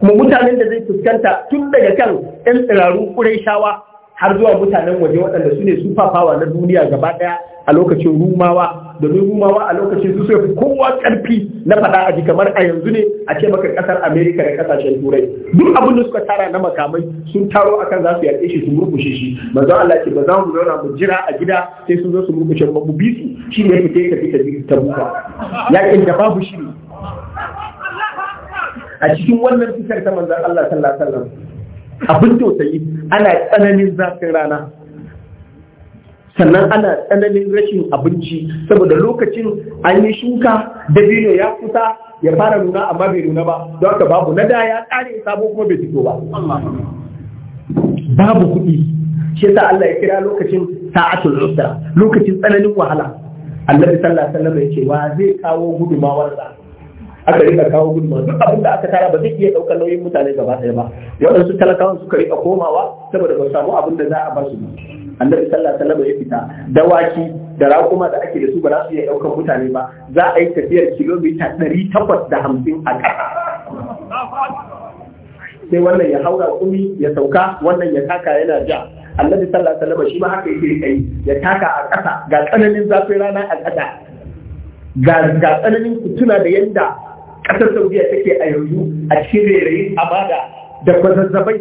kuma mutanen da zai fuskanta tun daga kan 'yan tsirarun ƙurai shawa har zuwa mutanen waje waɗanda su ne super power na duniya gaba ɗaya a lokacin rumawa domin rumawa a lokacin su sai kowa karfi na faɗa a ji kamar a yanzu ne a ce maka ƙasar amerika da kasashen turai duk abin da suka tara na makamai sun taro akan za su yaƙe shi su murkushe shi manzo Allah ce ba mu zauna mu jira a gida sai sun zo su murkushe mu mu bi su shi ne yake ka fita ta buka yaƙin da babu shi ne. a cikin wannan fitar ta manzon Allah sallallahu alaihi wasallam abin tausayi ana tsananin zafin rana sannan ana tsananin rashin abinci saboda lokacin an yi shuka biyu ya kusa ya fara nuna amma bai nuna ba don haka babu na da ya tsare sabo kuma bai fito ba babu kuɗi shi yasa Allah ya kira lokacin sa'atul usra lokacin tsananin wahala Annabi sallallahu alaihi wasallam ya ce wa zai kawo da. aka rika kawo gudunmawa duk abin da aka tara ba zai iya daukar nauyin mutane gaba ɗaya ba waɗansu talakawan suka rika komawa saboda ba samu abin da za a ba su annabi sallallahu alaihi wasallam ya fita dawaki da raƙuma da ake da su ba za su iya ɗaukar mutane ba za a yi tafiyar kilomita ɗari takwas da hamsin a ƙasa sai wannan ya haura kumi ya sauka wannan ya taka yana ja annabi sallallahu alaihi wasallam shi ma haka yake kai ya taka a ƙasa ga tsananin zafin rana a ƙasa ga ga tsananin kutuna da yanda ƙasar Saudiya take a yanzu a cikin rairayin abada da kwazazzabai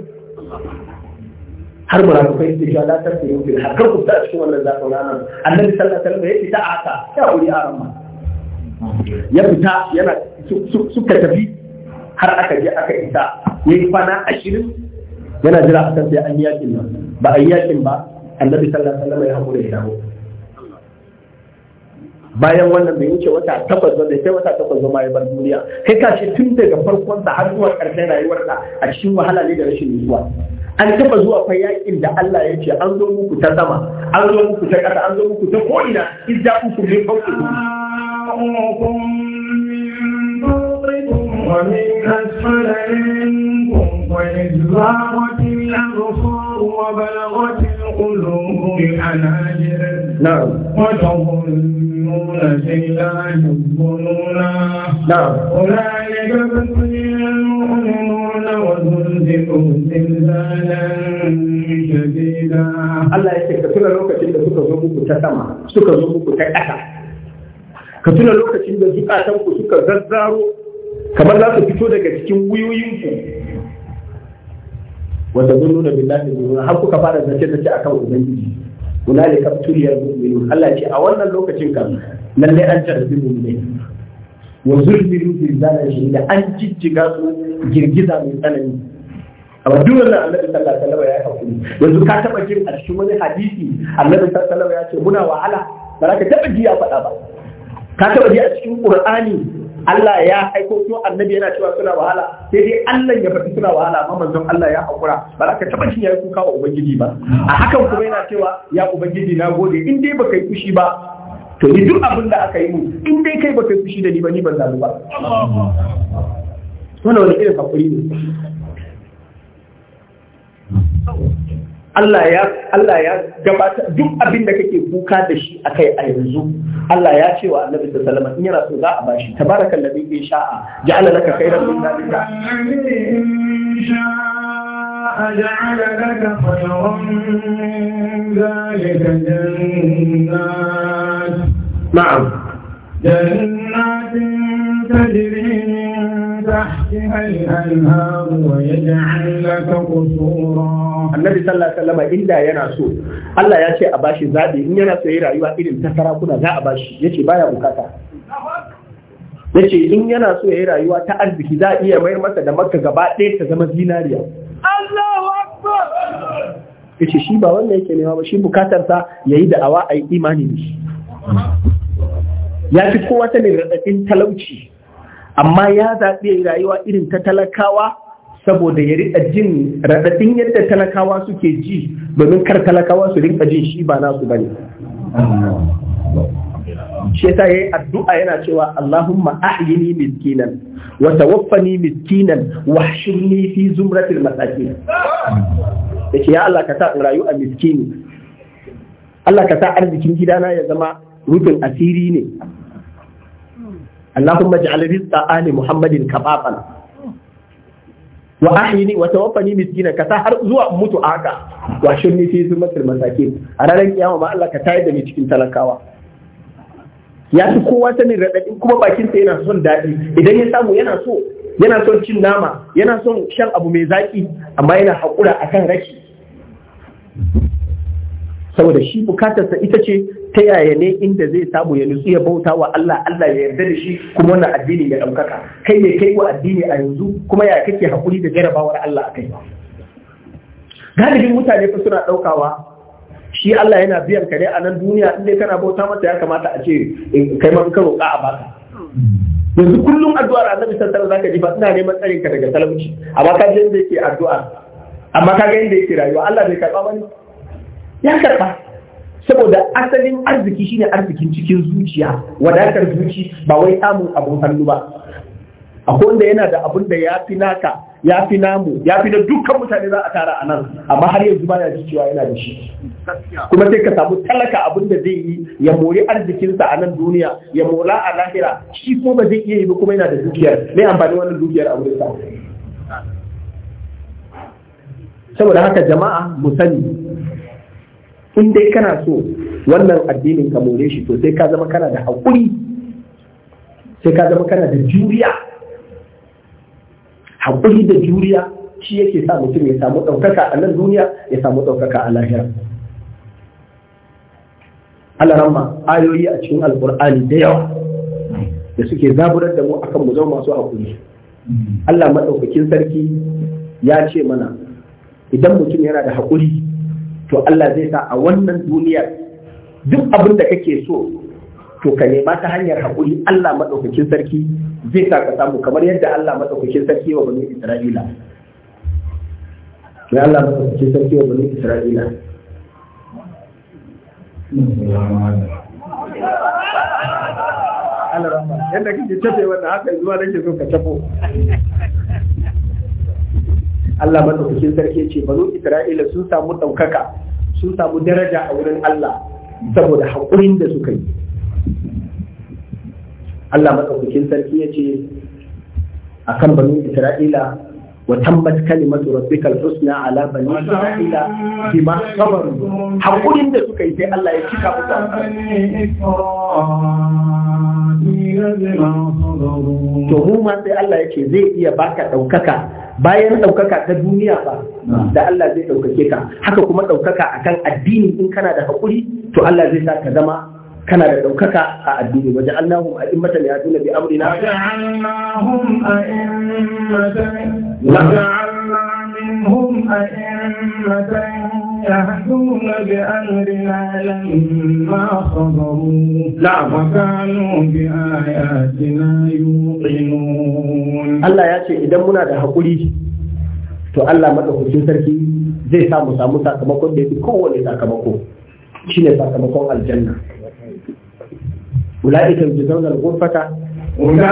har munafikai su sha latar da yau har kar ku ta cikin wannan zafin ranar annabi sallallahu alaihi wasallam ya fita a haka ya wuri aran ma ya fita yana suka tafi har aka je aka isa yayi kwana ashirin yana jira a kan sai an yakin nan ba a yakin ba annabi sallallahu alaihi wasallam ya hakura ya dawo bayan wannan bai wuce wata takwas ba sai wata takwas ba ya bar duniya kai ka ce tun daga farkon sa har zuwa ƙarshen rayuwarsa a cikin wahala ne da rashin nutsuwa an taba zuwa fa yakin da Allah ya ce an zo muku ta sama an zo muku ta ƙasa an zo muku ta ko'ina in ja uku min fauki ku نعم وتظنون بالله الظنونا نعم أولئك فتن المؤمنون Allah ya ce ka tuna lokacin da suka zo muku ta sama, suka zo muku ta ƙasa. ka tuna lokacin da zukatanku suka zazzaro kamar za su fito daga cikin wuyoyinku wanda zan nuna lafi zuwa har kuka fara zace zace kan ubangiji hunalika tuliyar mu'minun Allah ce a wannan lokacin kan lalle an tarbi mu'minin wa zulmilu zilzalan shadida an jijjiga su girgiza mai tsanani amma duk wannan annabi sallallahu alaihi wasallam ya hakuri yanzu ka taba jin a cikin wani hadisi annabi sallallahu alaihi wasallam ya ce muna wahala ba za ka taba ji ya faɗa ba ka taba ji a cikin qur'ani Allah ya aiko ko annabi yana cewa suna wahala sai dai Allah ya faɗi suna wahala amma manzon Allah ya hakura ba za ka taba jin ya kuka wa ubangiji ba a hakan kuma yana cewa ya ubangiji na gode in dai baka yi kushi ba to ni duk abin da aka yi mu in dai kai baka fushi da ni ba ni ban zalu ba wannan wani irin hakuri ne Allah ya Allah ya gabata duk abin da kake kuka da shi akai a yanzu Allah ya ce wa Annabi sallallahu alaihi wasallam in yana so za a bashi ladhi in sha'a ja'ala laka khairan min dhalika أجعل لك خيرا من ذلك جنات نعم جنات تجري من تحتها الأنهار ويجعل لك قصورا النبي صلى الله عليه وسلم إلا يناسو الله يأتي أباشي زادي إن يناسو يرأيوا إذن تسرى كنا ذا أباشي يأتي بايا baya ya Yace in yana so ya yi rayuwa ta arziki za a iya mayar masa da maka gaba ɗaya ta zama zinariya. Ya ce shi ba wannan yake nema ba shi bukatarsa ya yi da awa imani ne. ya fi kowa ta mai raɗaɗin talauci amma ya zaɓi rayuwa irin ta talakawa saboda ya riƙa jin raɗaɗin yadda talakawa suke ji domin kar talakawa su riƙa jin shi ba nasu bane shi yasa yayi addu'a yana cewa Allahumma ahyini miskinan wa tawaffani miskinan wa hshirni fi zumratil masakin yace ya Allah ka sa in rayu a miskini Allah ka sa arzikin gidana ya zama rufin asiri ne Allahumma ja'al rizqa ali Muhammadin kabatan wa ahyini wa tawaffani miskina ka har zuwa mutu haka wa shirni fi zulmatil masakin a ranar kiyama ma Allah ka tayar da ni cikin talakawa ya fi kowa sanin raɗaɗin kuma bakinsa yana son daɗi idan ya samu yana so yana son cin nama yana son shan abu mai zaƙi amma yana haƙura akan raki. saboda shi bukatarsa ita ce ta yaya ne inda zai samu ya nutsu ya bauta wa Allah Allah ya yarda da shi kuma wannan addini ya ɗaukaka kai ne kai wa addini a yanzu kuma ya kake haƙuri da jarabawar Allah a kai galibin mutane fa suna ɗaukawa shi Allah yana biyan ka ne a nan duniya in dai kana bauta masa ya kamata a ce eh, kai man ka roƙa a baka yanzu kullum addu'ar annabi sallallahu alaihi wasallam zaka ji ba ina neman tsarin ka daga talauci amma ka yanda inda yake addu'a amma ka ga inda yake rayuwa Allah bai karɓa ba ne ya karɓa saboda asalin arziki shine arzikin cikin zuciya wadatar zuci ba wai samun abun hannu ba akwai wanda yana da abun da ya fi naka ya fi namu ya fi na dukkan mutane za a tara a nan amma har yanzu baya ji cewa yana da shi kuma sai ka samu talaka abin da zai yi ya mori arzikinsa a nan duniya ya mola a lahira shi ko ba zai iya yi ba kuma yana da dukiyar mai amfani wannan dukiyar a wurin sa saboda haka jama'a mu sani in dai kana so wannan addinin ka more shi to sai ka zama kana da haƙuri sai ka zama kana da juriya haƙuri da juriya shi yake sa mutum ya samu ɗaukaka a nan duniya ya samu ɗaukaka a lahira Allah ramma ayoyi a cikin alƙur'ani da yawa da suke zaburar da mu akan mu zama masu haƙuri Allah maɗaukakin sarki ya ce mana idan mutum yana da haƙuri to Allah zai sa a wannan duniyar duk abin da kake so to ka nema ta hanyar haƙuri Allah maɗaukakin sarki zai sa ka samu kamar yadda Allah maɗaukakin sarki wa bani Isra'ila. Ya Allah maɗaukakin sarki wa bani Isra'ila. Allah rahma, yadda kake tafe wannan haka zuwa nake so ka tafo. Allah madaukakin sarki ce banu Isra'ila sun samu ɗaukaka sun samu daraja a wurin Allah saboda haƙurin da suka yi Allah madaukakin sarki ya ce a kan banu Isra'ila wa وتمت كلمة ربك الحسنى على بني إسرائيل بما صبروا حقول إن سكي في الله يشكى to mu ma sai Allah ya ce zai iya baka ɗaukaka bayan ɗaukaka ta duniya ba da Allah zai ɗaukake ka haka kuma ɗaukaka akan addini in kana da haƙuri to Allah zai sa ka zama kana da ɗaukaka a addini wajen annahum a immata ne aduna bi amrina waja'alnahum a'immatan waja'alna minhum a'immatan يهدون بأمرنا لما صبروا لا وكانوا بآياتنا يوقنون الله يأتي إذا منا ده حقولي to Allah madaukakin sarki zai sa mu samu sakamakon da ya fi kowane sakamako shine sakamakon aljanna ulaika yujzauna al-ghurfata ulaika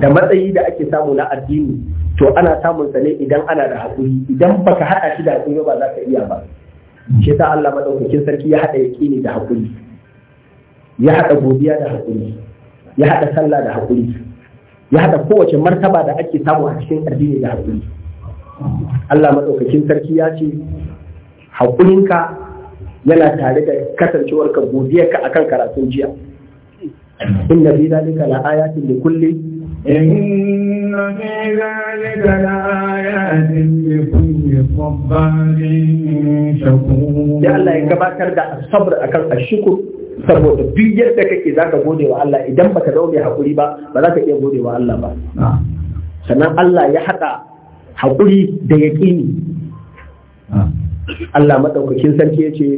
da matsayi da ake samu na addini to ana samun sa ne idan ana da hakuri idan baka hada shi da hakuri ba za ka iya ba shi yasa Allah madaukakin sarki ya hada yaqini da hakuri ya hada godiya da hakuri ya hada sallah da hakuri ya hada kowace martaba da ake samu a cikin addini da hakuri Allah madaukakin sarki ya ce hakurinka yana tare da kasancewarka godiyarka akan karatun jiya inna fi zalika la ayatin li kulli إن في ذلك لآيات لكل صبار شكور يا الله يكبر ده الصبر أكل الشكر saboda duk yadda kake zaka gode wa Allah idan baka daure hakuri ba ba za ka iya gode wa Allah ba sannan Allah ya haɗa hakuri da yaƙini Allah maɗaukakin sarki ya ce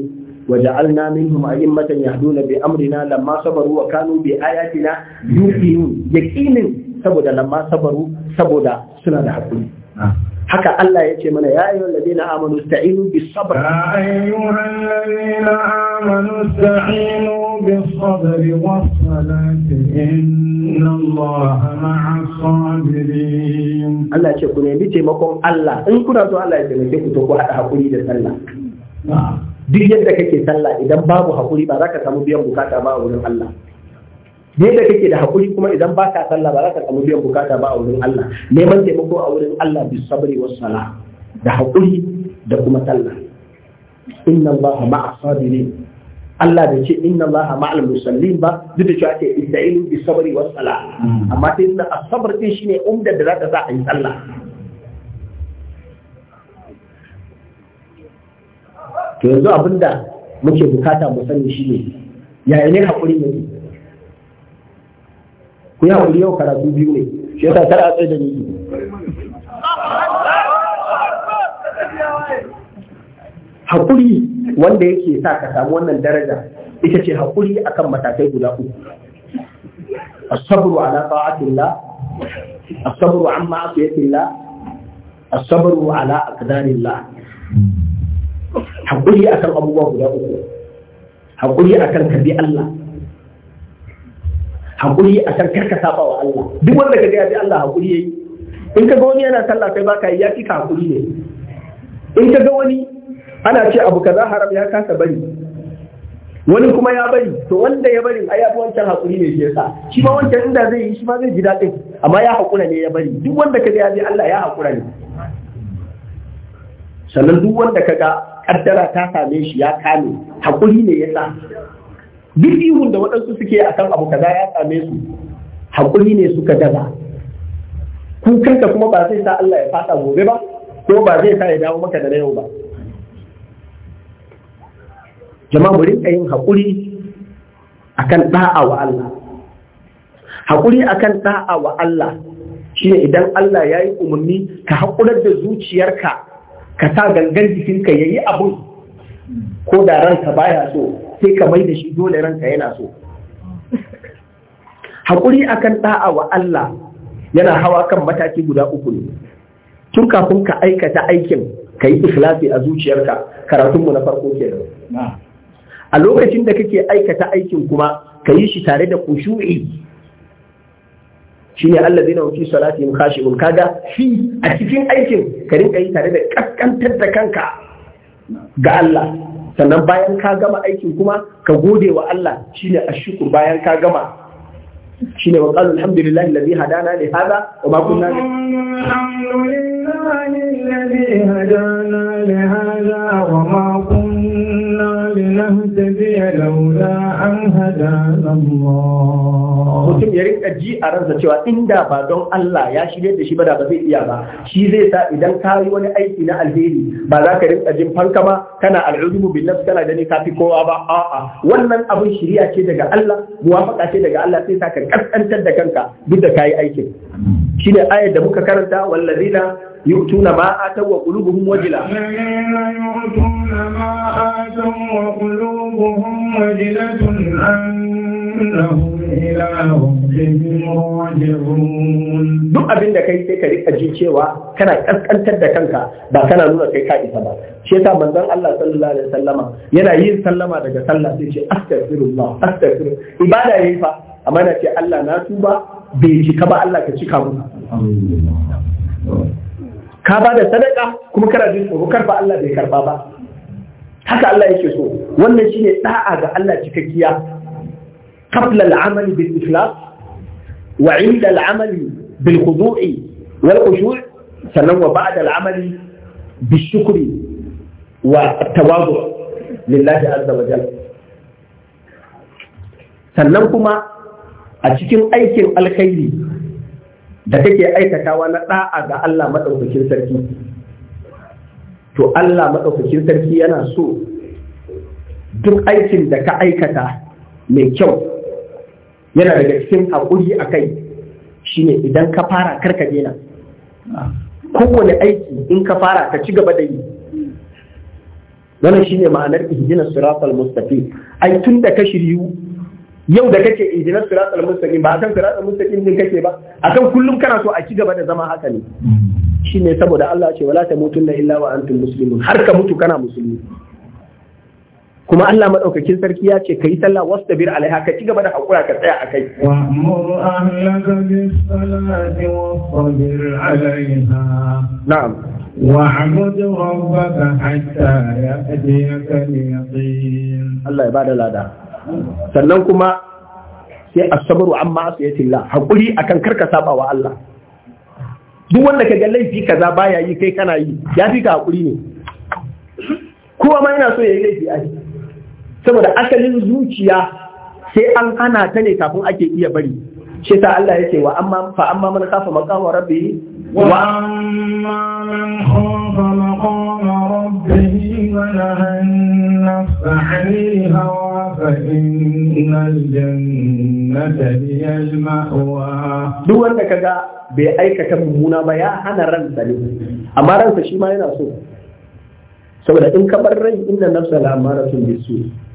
وجعلنا منهم أئمة lamma بأمرنا wa kanu وكانوا بآياتنا يوقنون يقينا saboda lamma sabaru saboda suna da hakuri haka Allah ya ce mana ya ayyuhal ladina amanu ista'inu bis sabr ya ayyuhal ladina amanu ista'inu bis sabr was salati inna Allaha ma'as sabirin Allah ya ce ku nemi taimakon Allah in kuna so Allah ya taimake ku to ku hada hakuri da sallah duk yadda kake sallah idan babu haƙuri ba za ka samu biyan bukata ba a wurin Allah yadda kake da hakuri kuma idan ba ka sallah ba za ka samu biyan bukata ba a wurin Allah neman taimako a wurin Allah bi sabri was sala da hakuri da kuma sallah inna Allah ma'a sabirin Allah da ce inna Allah ma'al musallin ba duk da cewa ake istailu bi sabri was sala mm. amma sai inna as-sabr din shine umda da zaka sa a yi sallah to yanzu abinda muke bukata mu sani shine yaya ne hakuri ne ku yi haƙuri yau karatu biyu ne shi yasa kar a tsaye da ni haƙuri wanda yake sa ka samu wannan daraja ita ce haƙuri akan matakai guda uku asabru ala ta'atillah asabru an ma'asiyatillah asabru ala aqdarillah haƙuri akan abubuwa guda uku haƙuri akan kabi Allah Hakuri a kan karka saba wa Allah duk wanda ka ga bi Allah ya yayi in ka ga wani yana sallah kai baka yi ya ka hakuri ne in ka ga wani ana ce abu kaza haram ya kasa bari wani kuma ya bari to wanda ya bari ai yafi wancan hakuri ne shi yasa shi ma wancan inda zai yi shi ma zai ji daɗin amma ya hakura ne ya bari duk wanda ka ga ya bi Allah ya hakura ne sannan duk wanda ka ga kaddara ta same shi ya kame hakuri ne ya sa duk ihun da waɗansu suke a kan abu kaza ya same su haƙuri ne suka gaza kukanka kuma ba zai sa Allah ya fasa gobe ba ko ba zai sa ya dawo maka da na yau ba jama'a mu rinka yin haƙuri akan da'a wa Allah haƙuri akan da'a wa Allah shi ne idan Allah ya yi umarni ka haƙurar da zuciyarka ka sa gangan jikinka ya yi abun ko da ranka baya so sai ka mai da shi dole ranka yana so haƙuri akan ɗa'a wa Allah yana hawa kan mataki guda uku ne tun kafin ka aikata aikin ka yi ikhlasi a zuciyarka karatunmu na farko ke nan. a lokacin da kake aikata aikin kuma ka yi shi tare da kushu'i zina wuce salati mu kashi, mun kaga fi a cikin aikin ka rinka yi tare da kaskantar da kanka ga Allah sannan bayan ka gama aikin kuma ka gode wa Allah shine shukur bayan ka gama shine wa qalu alhamdulillahi alladhi hadana li wa ma kunna alhamdulillahi mutum ya rinka ji a ransa cewa inda ba don Allah ya shirye da shi ba da ba zai iya ba shi zai sa idan ka yi wani aiki na alheri ba za ka rinka jin fanka ba kana al'ujubu mu nafs kana gani kafi kowa ba a'a wannan abin shirya ce daga Allah muwafaka ce daga Allah sai sa ka kaskantar da kanka duk da kayi aikin shine ayar da muka karanta wallazina يؤتون ما آتوا وقلوبهم وجلة يؤتون ما آتوا وقلوبهم وجلة أنهم إلى ربهم راجعون duk abin da kai sai ka riƙa jin cewa kana ƙasƙantar da kanka ba kana nuna kai ka isa ba shi yasa manzon Allah sallallahu alaihi wasallama yana yin sallama daga sallah sai ce astaghfirullah astaghfirullah ibada yayi fa amma na ce Allah na tuba bai cika ba Allah ka cika mu ka ba da sadaka kuma kana jin tsoro karba Allah bai karba ba haka Allah yake so wannan shine da'a ga Allah cikakkiya qabla al-amali bil ikhlas wa 'inda al-amali bil khudu'i wal khushu' sannan wa ba'da al-amali bil shukri wa at-tawadu' lillahi azza wa jalla sannan kuma a cikin aikin alkhairi da kake aikatawa na da'a ga Allah madaukakin sarki to Allah madaukakin sarki yana so duk aikin da ka aikata mai kyau yana daga cikin haƙuri a kai shine idan ka fara karka dena kowane aiki in ka fara ka ci gaba da yi wannan shine ma'anar ihdina siratal mustaqim ai tun da ka shiryu yau da kake idinar siratal mustaqim ba akan siratal mustaqim din kake ba akan kullum kana so a ci gaba da zama haka ne shine saboda Allah ce wala na illa wa antum muslimun har ka mutu kana musulmi kuma Allah madaukakin sarki ya ce ka kai sallah wastabir alaiha ka ci gaba da hakura ka tsaya akai wa amuru ahlaka bis salati wastabir alaiha na'am sannan kuma sai a asabaru amma haƙuri hakuri akan karka saba wa Allah duk wanda ka ga laifi kaza baya yi kai kana yi ya fi ka haƙuri ne kowa ma yana so ya yi laifi a saboda asalin zuciya sai an hana ta ne kafin ake iya bari shi ta Allah yake wa amma fa amma man kafa maqama rabbi وأما من خاف مقام ربه ونهى النفس عن الهوى فإن الجنة هي المأوى duk wanda kaga bai aikata mummuna ba ya hana ransa ne amma ransa shi ma yana so saboda in ka bar rai inna nafsa la amaratun bisu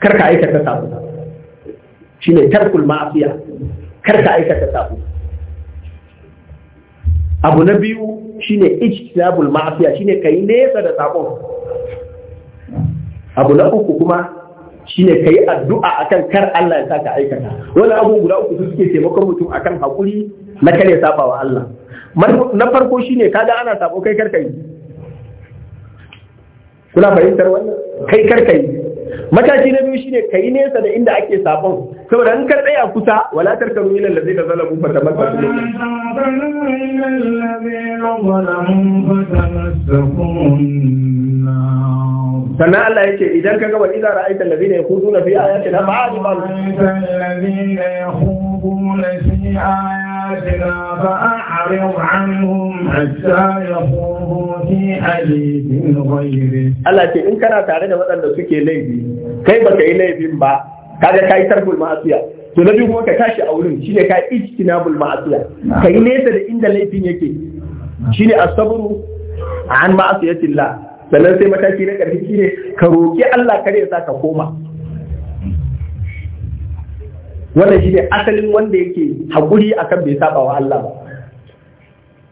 karka aikata sabo shi ne tarkul ma'afiya karka aikata sabo abu na biyu shi ne ijtinabul ma'afiya shi ne ka yi nesa da sabon abu na uku kuma shi ne ka yi addu'a a kan kar Allah ya sa ka aikata wani abu guda uku suke taimakon mutum a kan haƙuri na kare safa wa Allah na farko shi ne kaga ana sabo kai karka yi kuna fahimtar wannan kai karka yi mataki na biyu shine kai nesa da inda ake sabon saboda an ka tsaya kusa wala tarkamu ila allazina zalamu fa tamassaku sannan Allah yake idan ka ga wa idza ra'aita allazina yakhuduna fi ayatina fa'arid anhum allazina yakhuduna fi ayatina آياتنا فأعرض عنهم حتى يخوضوا في حديث غيره الله ce in kana tare da waɗanda suke laifi kai baka yi laifin ba kaga kai tarkul ma'asiya to na biyu kuma ka tashi a wurin shine ka ijtinabul ma'asiya yi nesa da inda laifin yake shine asabru an ma'asiyatillah sannan sai mataki na ƙarshe shine ka roki Allah kare ya sa ka koma wannan shi ne asalin wanda yake haƙuri akan bai saba wa Allah ba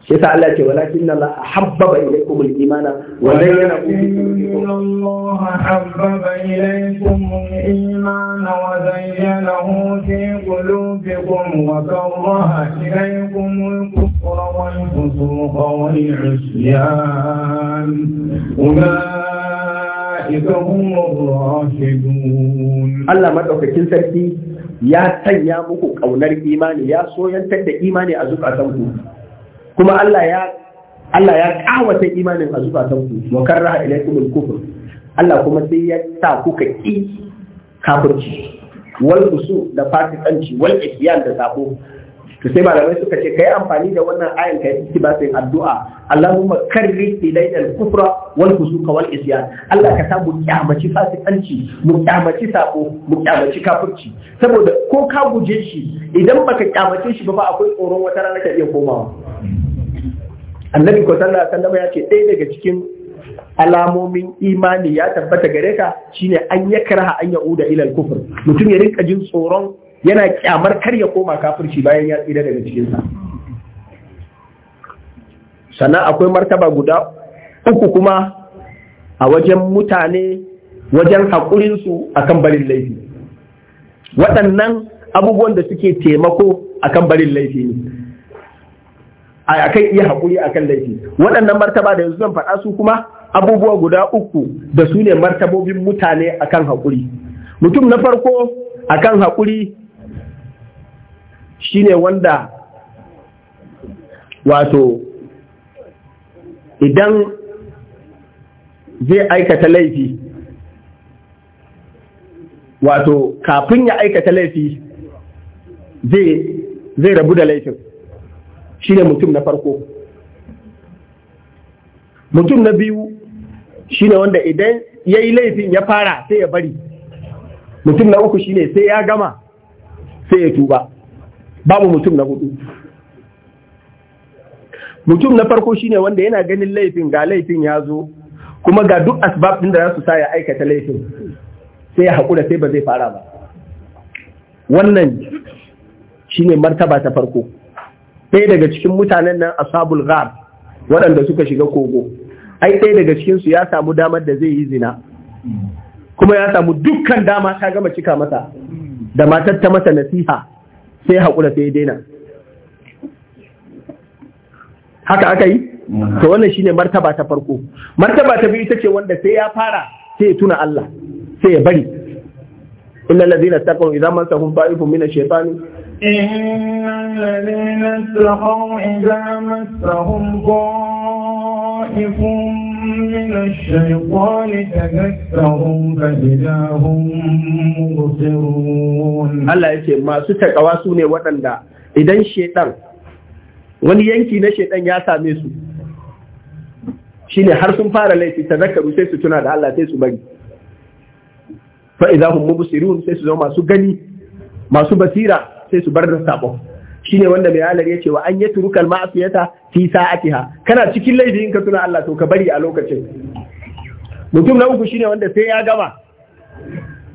shi sa Allah ce walakin Allah na ilaykum al-imana kuma kuma kuma imana wa kuma. kuma Allah sarki ya sanya muku ƙaunar imani ya soyantar da imani a zukatanku kuma Allah ya ƙawata imanin a zukatanku wa karraha ilai al-kufr Allah kuma sai ya sa kuka ki kafirci wal usu da fasikanci wal isyan da sabo to sai malamai suka ce kai amfani da wannan ayan kai ciki ba sai addu'a Allahumma karri ilayna al-kufra wal fusuqa wal isyan Allah ka sa mu kyamaci fasikanci mu kyamaci sako mu kyamaci kafirci saboda ko ka guje shi idan baka kyamace shi ba ba akwai tsoron wata rana ka iya komawa Annabi ko sallallahu alaihi wasallam ya ce ɗaya daga cikin alamomin imani ya tabbata gare ka shine an ya an ya'uda uda ilal kufur mutum ya rinka jin tsoron yana kyamar kar ya koma kafirci bayan ya tsira daga cikinsa sannan akwai martaba guda uku kuma a wajen mutane wajen haƙurinsu a kan barin laifi waɗannan abubuwan da suke taimako a kan barin laifi ne a kan iya haƙuri a kan laifi waɗannan martaba da yanzu zan faɗa su kuma abubuwa guda uku da su ne martabobin mutane a kan haƙuri mutum na farko a kan haƙuri Shi ne wanda wato idan zai aikata laifi wato kafin ya aikata laifi zai rabu da laifin shi ne mutum na farko mutum na biyu shi ne wanda idan ya yi laifin ya fara sai ya bari mutum na uku shi ne sai ya gama sai ya tuba babu mutum na hudu mutum na farko shine wanda yana ganin laifin ga laifin ya zo kuma ga duk asbab ɗin da za su sa ya aikata laifin sai ya haƙura sai ba zai fara ba wannan shine martaba ta farko ɗaya daga cikin mutanen nan asabul ghar waɗanda suka shiga kogo ai ɗaya daga cikin su ya samu damar da zai yi zina kuma ya samu dukkan dama ta gama cika masa da matar ta masa nasiha sai haƙura sai ya daina haka aka yi to wannan shine martaba ta farko martaba ta biyu ita ce wanda sai ya fara sai ya tuna Allah sai ya bari illal ladina taqaw idza masahum ba'ifun min ash-shaytani innal ladina taqaw idza masahum طائف من الشيطان تذكروا فإذا هم مبصرون الله يسير ما ستك واسوني دا إذن الشيطان wani yanki na shaidan ya same su shine har sun fara laifi tazakkaru sai su tuna da Allah sai su bari fa idahum mubsirun sai su zama masu gani masu basira sai su bar da sabon shine wanda mai halar ya ce wa an yi al ma'siyata fi sa'atiha kana cikin laifi in ka tuna Allah to ka bari a lokacin mutum na uku shine wanda sai ya gama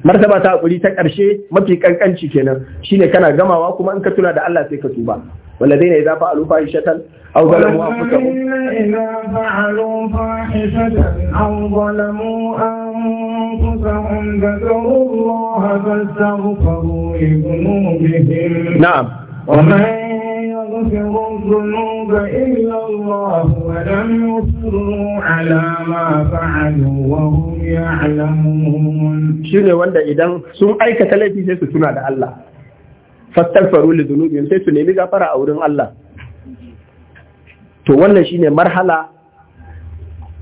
martaba ta hakuri ta karshe mafi kankanci kenan shine kana gamawa kuma in ka tuna da Allah sai ka tuba والذين إذا فعلوا فاحشة أو ظلموا أنفسهم إذا فعلوا فاحشة أو ظلموا أنفسهم ذكروا الله فاستغفروا لذنوبهم نعم ومن يغفر الذنوب إلا الله ولم يصروا على ما فعلوا وهم يعلمون شنو وندا إذا sai su nemi gafara a wurin Allah to wannan shine marhala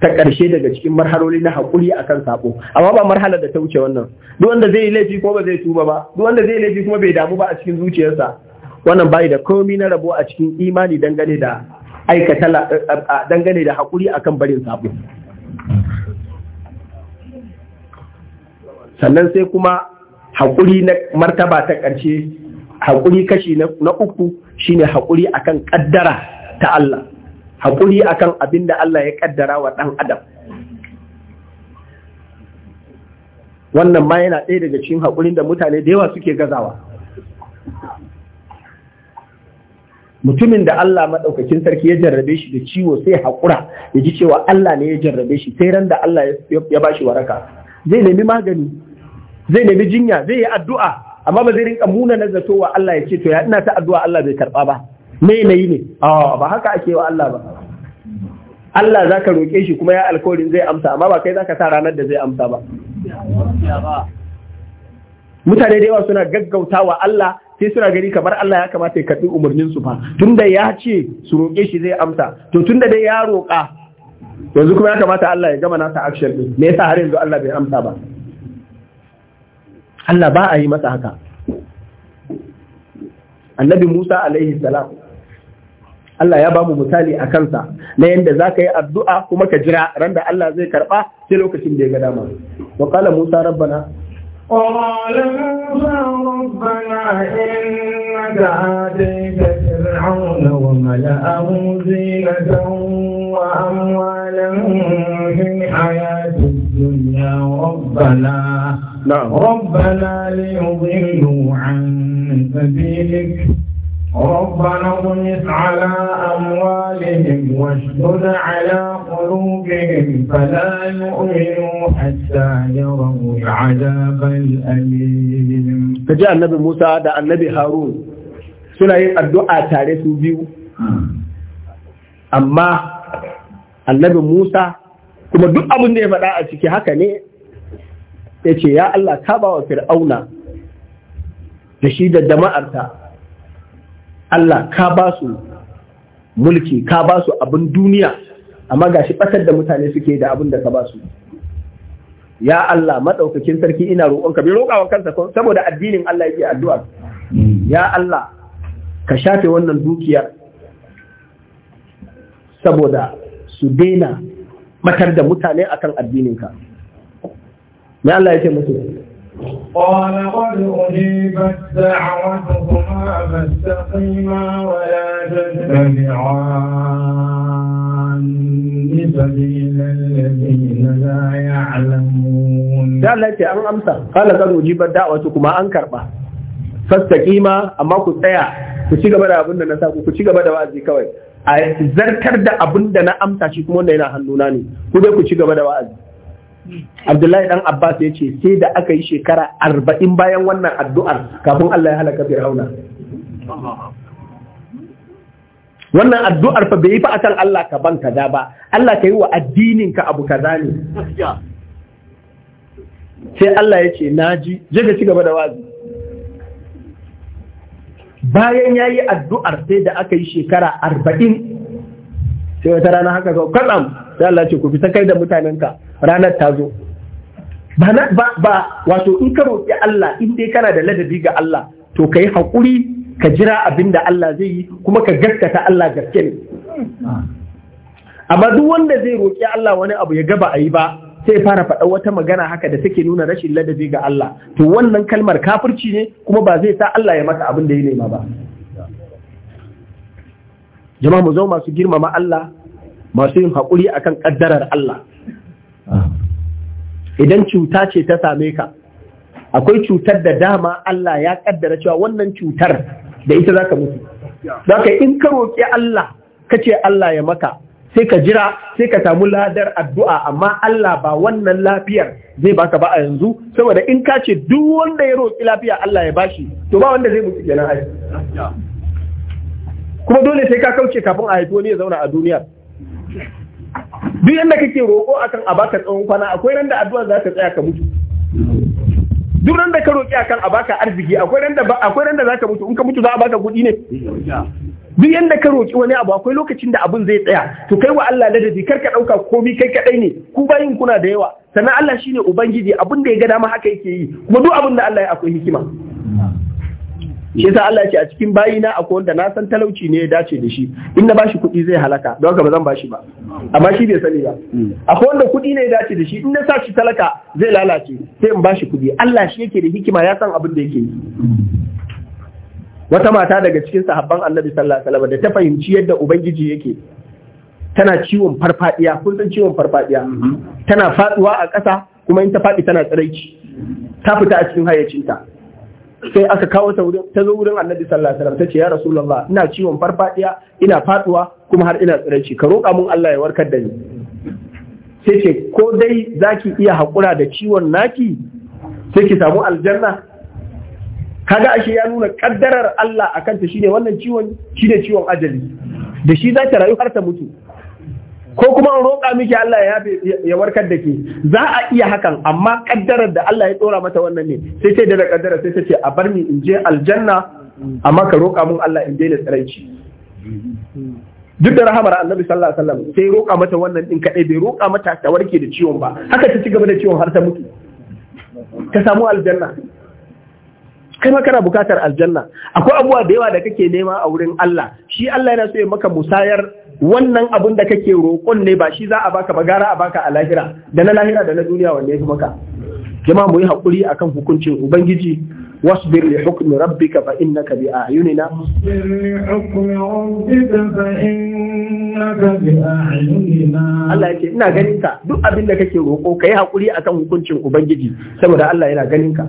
ta ƙarshe daga cikin marhaloli na haƙuri akan saƙo amma ba marhala da ta wuce wannan duk wanda zai laifi ko ba zai tuba ba duk wanda zai laifi kuma bai damu ba a cikin zuciyarsa wannan bai da komi na rabo a cikin imani dangane da aikata eh, eh, dangane da haƙuri akan barin sabo sannan sai kuma haƙuri na martaba ta karshe haƙuri kashi na uku shine haƙuri akan ƙaddara ta Allah haƙuri akan abinda Allah ya ƙaddara wa ɗan adam wannan ma yana ɗaya daga cikin haƙurin da mutane da yawa suke gazawa mutumin da Allah maɗaukakin sarki ya jarrabe shi da ciwo sai haƙura ya ji cewa Allah ne ya jarrabe shi sai ran da Allah ya ba shi waraka zai nemi magani zai nemi jinya zai yi addu'a amma ba zai rinka muna na zato wa Allah ya ce to ya ina ta addu'a Allah bai karɓa ba me yi ne ba haka ake wa Allah ba Allah za ka roƙe shi kuma ya alkawarin zai amsa amma ba kai za ka sa ranar da zai amsa ba mutane da yawa suna gaggauta wa Allah sai suna gani kamar Allah ya kamata ya karbi umarnin su fa tunda ya ce su roƙe shi zai amsa to tunda dai ya roƙa yanzu kuma ya kamata Allah ya gama nasa action din me yasa har yanzu Allah bai amsa ba Allah ba a yi masa haka Annabi Musa alaihi salam Allah ya bamu mu misali a kansa na yadda za ka yi addu'a kuma ka jira ran da Allah zai karɓa sai lokacin da ya ga dama. Wa Musa rabbana وقال موسى ربنا إنك آتيت فرعون وملأه زينة وأموالا في الحياة الدنيا ربنا نعم. ربنا ليضلوا عن سبيلك ربنا اغمس على أموالهم واشدد على كفروا به فلا يؤمنوا حتى يروا العذاب الأليم فجاء النبي موسى دا النبي هارون suna yin addu'a tare su biyu amma annabi Musa kuma duk abin da ya faɗa a ciki haka ne ya ce ya Allah ka ba wa fir'auna da shi da jama'arta Allah ka ba su mulki ka ba su abin duniya amma ga shi batar da mutane suke da abin da ka ba su ya Allah madaukakin sarki ina roƙonka bai roƙawa kansa saboda addinin Allah yake addu'a ya Allah ka shafe wannan dukiyar saboda su daina ɓatar da mutane akan addininka Ya Allah yake musu قال قد أجيبت دعوتكما فاستقيما ولا تتبعا عني da Allah ce an amsa kala bar ujibar da'watu kuma an karba fastaqima amma ku tsaya ku ci gaba da abin da na sa ku ci gaba da wa'azi kawai a zartar da abin da na amsa shi kuma wanda yana hannuna ne ku dai ku ci gaba da wa'azi Abdullahi dan Abbas ya ce sai da aka yi shekara arba'in bayan wannan addu'ar kafin Allah ya halaka Fir'auna. wannan addu'ar fa bai yi fa akan Allah ka ban kaza ba Allah ka yi wa addinin ka abu kaza ne sai Allah ya ce ji je ka ci gaba da wazi bayan ya yi addu'ar sai da aka yi shekara arba'in sai wata rana haka zo kaɗan. sai Allah ce ku fita kai da mutanenka ranar ta zo ba ba wato in ka roƙi Allah in dai kana da ladabi ga Allah to ka yi haƙuri ka jira abin da Allah zai yi kuma ka gaskata Allah gaske ne amma duk wanda zai roƙi Allah wani abu ya gaba a yi ba sai fara faɗa wata magana haka da take nuna rashin ladabi ga Allah to wannan kalmar kafirci ne kuma ba zai sa Allah ya masa abin da ya nema ba jama'a mu zo masu girmama Allah masu yin haƙuri akan ƙaddarar Allah idan cuta ce ta same ka akwai cutar da dama Allah ya ƙaddara cewa wannan cutar da ita za ka mutu za ka in ka roƙi Allah ka ce Allah ya maka sai ka jira sai ka samu ladar addu'a amma Allah ba wannan lafiyar zai baka ba a yanzu saboda in ka ce duk wanda ya roƙi lafiya Allah ya bashi to ba wanda zai mutu kenan aiki. kuma dole sai ka kauce kafin a haifi wani ya zauna a duniya duk yadda kake roƙo akan a baka tsawon kwana akwai randa da addu'a za ta tsaya ka mutu duk ran da ka roƙi akan a baka arziki akwai ran da akwai ran zaka mutu in ka mutu za a baka kuɗi ne duk yanda ka roƙi wani abu akwai lokacin da abun zai tsaya to kai wa Allah ladabi kar ka ɗauka komai kai kaɗai ne ku bayin kuna da yawa sannan Allah shine ubangiji abun da ya ga dama haka yake yi kuma duk abin da Allah ya akwai hikima shi yasa Allah ce a cikin bayina akwai wanda na san talauci ne ya dace da shi in na bashi kuɗi zai halaka don haka ba zan bashi ba amma shi bai sani ba hmm. akwai wanda kuɗi ne ya dace da shi in na sa shi talaka zai lalace sai in bashi kuɗi Allah shi yake da hikima ya san abin da yake yi wata mata daga cikin sahabban Annabi sallallahu alaihi wasallam da ta fahimci yadda ubangiji yake tana ciwon farfadiya kun san ciwon farfadiya hmm. tana faduwa a ƙasa kuma in ta faɗi tana tsiraici ta fita a cikin hayyacinta sai aka kawo ta wurin ta zo wurin annabi sallallahu alaihi wasallam tace ya rasulullah ina ciwon farfadiya ina faduwa kuma har ina tsiranci ka roƙa mun Allah ya warkar da ni sai ce ko dai zaki iya hakura da ciwon naki sai ki samu aljanna kaga ashe ya nuna kaddarar Allah akan ta shine wannan ciwon shine ciwon ajali da shi za rayu har ta mutu ko kuma an roƙa miki Allah ya ya warkar da ke za a iya hakan amma kaddarar da Allah ya tsora mata wannan ne sai sai da kaddara sai ta ce a bar ni in je aljanna amma ka roƙa mun Allah in daina tsaraici duk da rahamar annabi sallallahu alaihi wasallam sai roƙa mata wannan din kadai bai roƙa mata ta warke da ciwon ba haka ta ci gaba da ciwon har ta mutu ta samu aljanna kai ma kana bukatar aljanna akwai abubuwa da yawa da kake nema a wurin Allah shi Allah yana so ya maka musayar wannan abin da kake roƙon ne ba shi za a baka ba gara a baka a lahira da na lahira da na duniya wanda ya fi maka jama mu yi haƙuri akan hukuncin ubangiji wasbir li hukmi rabbika fa innaka bi a'yunina Allah yake ina ganin ka duk abin da kake roƙo kai hakuri akan hukuncin ubangiji saboda Allah yana ganin ka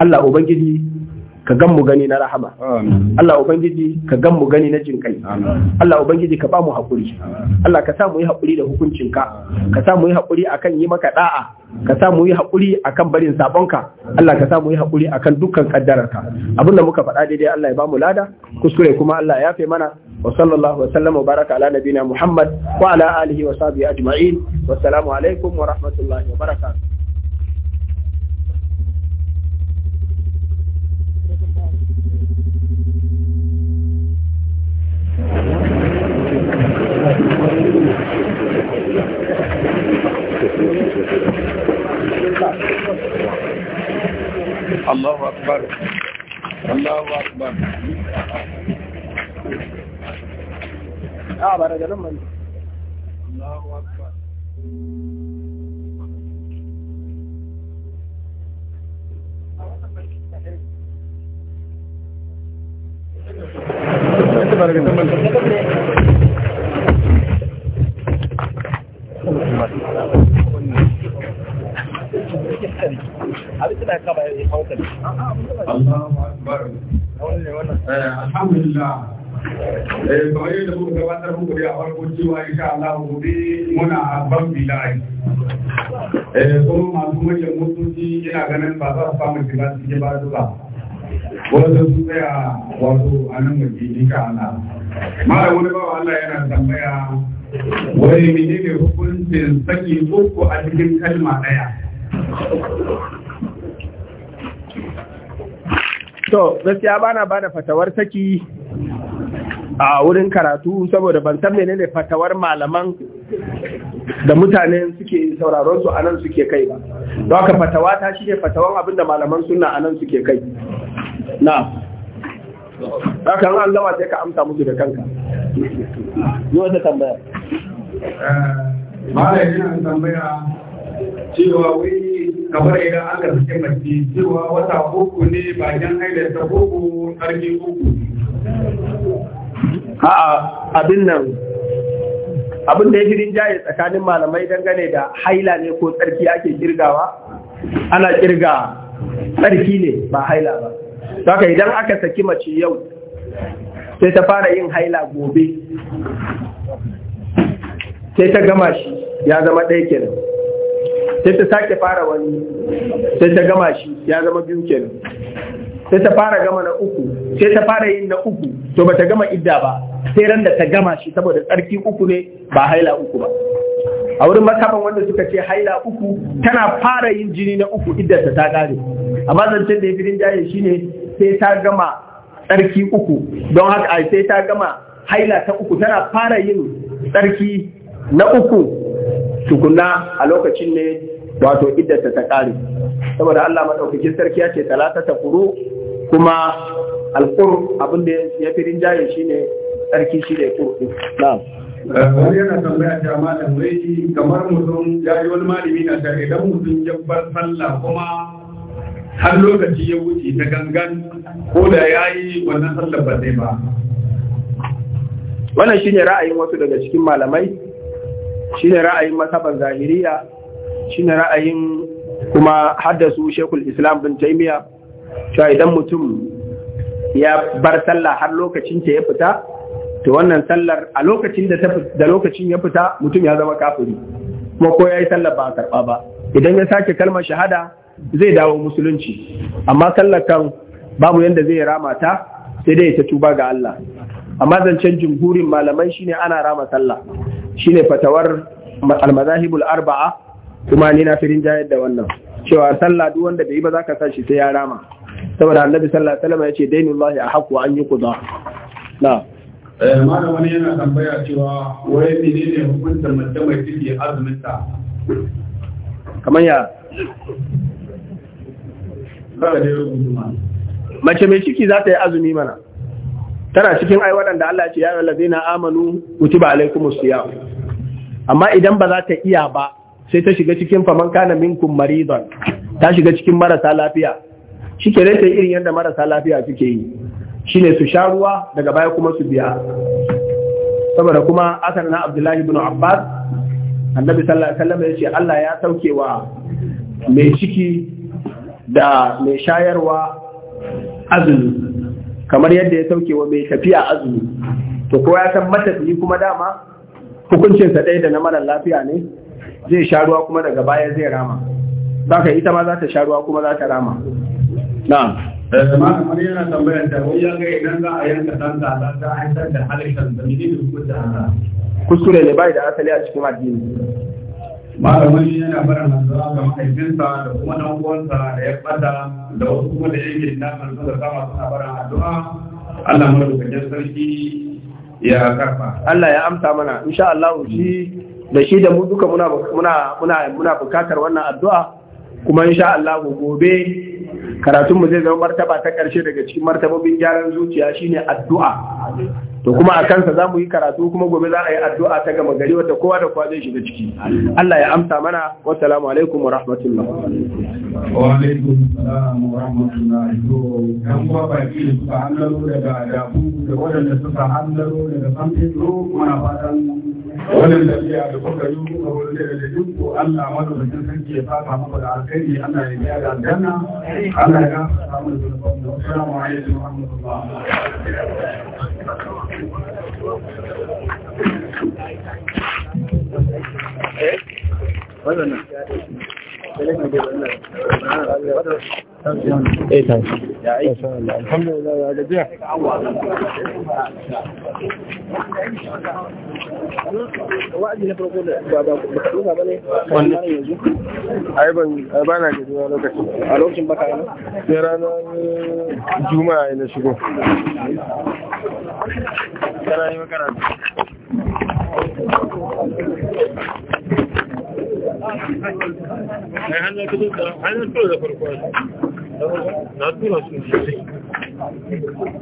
Allah ubangiji ka gan mu gani na rahama Allah ubangiji ka gan mu gani na jinkai Allah ubangiji ka ba mu haƙuri. Allah ka sa mu yi haƙuri da hukuncinka ka sa mu yi haƙuri akan yi maka da'a ka sa mu yi haƙuri akan barin sabonka Allah ka sa mu yi haƙuri akan dukkan kaddararka abinda muka faɗa daidai Allah ya ba mu lada kuskure kuma Allah ya yafe mana wa sallallahu wa sallama wa baraka ala nabina Muhammad wa ala alihi wa sahbihi ajma'in wassalamu alaikum wa rahmatullahi wa barakatuh الله أكبر الله أكبر أعبر آه، رجل من الله أكبر Thank you. alhamdulillah eh kamar yadda muka gabatar muku da farko cewa insha Allah gobe muna abban bilahi eh kuma masu manyan motoci ina ganin ba za su samu shiga cikin ba wasu su tsaya wato a nan waje ni ka Allah mara wani bawa Allah yana tambaya wai menene hukuncin saki uku a cikin kalma daya to gaskiya bana bada fatawar saki a wurin karatu saboda ban san menene fatawar malaman da mutane suke sauraron su anan suke kai ba don haka fatawa ta shine fatawan abin da malaman suna anan suke kai na haka an gama sai ka amsa musu da kanka yi ta tambaya da eh, yana tambaya cewa wai kamar idan aka suke mace cewa wata uku ne bakin haidar ta uku karfi uku a'a abin nan abin da ya fi rinjaye tsakanin malamai dangane da haila ne ko tsarki ake kirgawa ana kirga tsarki ne ba haila ba saka idan aka saki mace yau sai ta fara yin haila gobe sai ta gama shi ya zama ɗaya kenan sai ta sake fara wani sai ta gama shi ya zama biyu kenan sai ta fara gama na uku sai ta fara yin na uku to bata gama idda ba sai ran da ta gama shi saboda tsarki uku ne ba haila uku ba a wurin makaman wanda suka ce haila uku tana fara yin jini na uku iddarta ta gare amma zancen da ya fi jaye ne sai ta gama tsarki uku don haka ai sai ta gama haila ta uku tana fara yin tsarki na uku tukuna a lokacin ne wato iddarta ta kare saboda Allah madaukakin sarki ya ce talata ta furu, kuma alqur abin da ya fi rinjaye shine tsarki shi da ya tsoro na'am wani yana tambaya ta malam wai kamar mutum ya yi wani malami na ta idan mutum ya bar sallah kuma har lokaci ya wuce ta gangan ko da ya yi wannan sallah ba zai ba wannan shine ra'ayin wasu daga cikin malamai shine ra'ayin masaban zahiriya shine ra'ayin kuma haddasu shekul islam bin taimiya cewa idan mutum ya bar sallah har lokacin ta ya fita to wannan sallar a lokacin da da lokacin ya fita mutum ya zama kafiri kuma ko yayi sallar ba a karba ba idan ya sake kalmar shahada zai dawo musulunci amma sallar kan babu yanda zai rama ta sai dai ta tuba ga Allah amma zancen jumhurin malamai shine ana rama sallah shine fatawar almazahibul arba'a kuma ni na firin jayar da wannan cewa sallah duk wanda bai ba zaka sa shi sai ya rama saboda annabi sallallahu alaihi wasallam ya ce dainullahi ahqqu an yuqda na'am Eh, malam wani yana tambaya cewa wai mene ne hukuntar mace mai ciki azuminta kamar ya mace mai ciki za ta yi azumi mana tana cikin ai waɗanda Allah ce ya wallazi na amanu kutiba alaikumus siyam amma idan ba za ta iya ba sai ta shiga cikin faman kana minkum maridon ta shiga cikin marasa lafiya shi ke ta irin yadda marasa lafiya suke yi shine su sha ruwa daga baya kuma su biya saboda kuma asar na abdullahi bin abbas annabi sallallahu alaihi wasallam ce Allah ya sauke wa mai ciki da mai shayarwa azumi kamar yadda ya sauke wa mai tafiya azumi to ko ya san matafiyi kuma dama hukuncinsa ɗaya da na mara lafiya ne zai sha ruwa kuma daga baya zai rama saka ita ma za ta sha ruwa kuma za ta rama na'am malamar eh, yana tambayar da wai ya ga idan za a yanka dan kaza za a haifar da halittar da mene ne hukunta haka kuskure ne bai da asali a cikin addini malamar yana bara nasara ga mahaifinsa da kuma dan uwansa da ya bada da wasu kuma da yake da manzo da sama suna bara addu'a Allah madaukakin sarki ya karba Allah ya amsa mana insha Allah shi da shi da mu duka muna muna muna bukatar wannan addu'a kuma insha Allah gobe karatun mu zai zama martaba ta karshe daga cikin martabobin gyaran zuciya shine addu'a to kuma a kansa za mu yi karatu kuma gobe za a yi addu'a ta gama gari wata kowa da kowa zai shiga ciki Allah ya amsa mana wa salamu alaikum wa rahmatullah wa alaikum salam wa rahmatullah to kan kuwa baki da suka hannaro da da waɗanda daga fatan wannan da kuka yi kuka da da duk Allah madaukakin sarki ya fata muku da Allah ya da Allah ya gafarta mana zunubanmu assalamu Eh, alhamdulillah ya da ba ba ba ba ne ban ba na gajiya lokacin na ai hannun kudu da hannun kudu da farko na tura su ne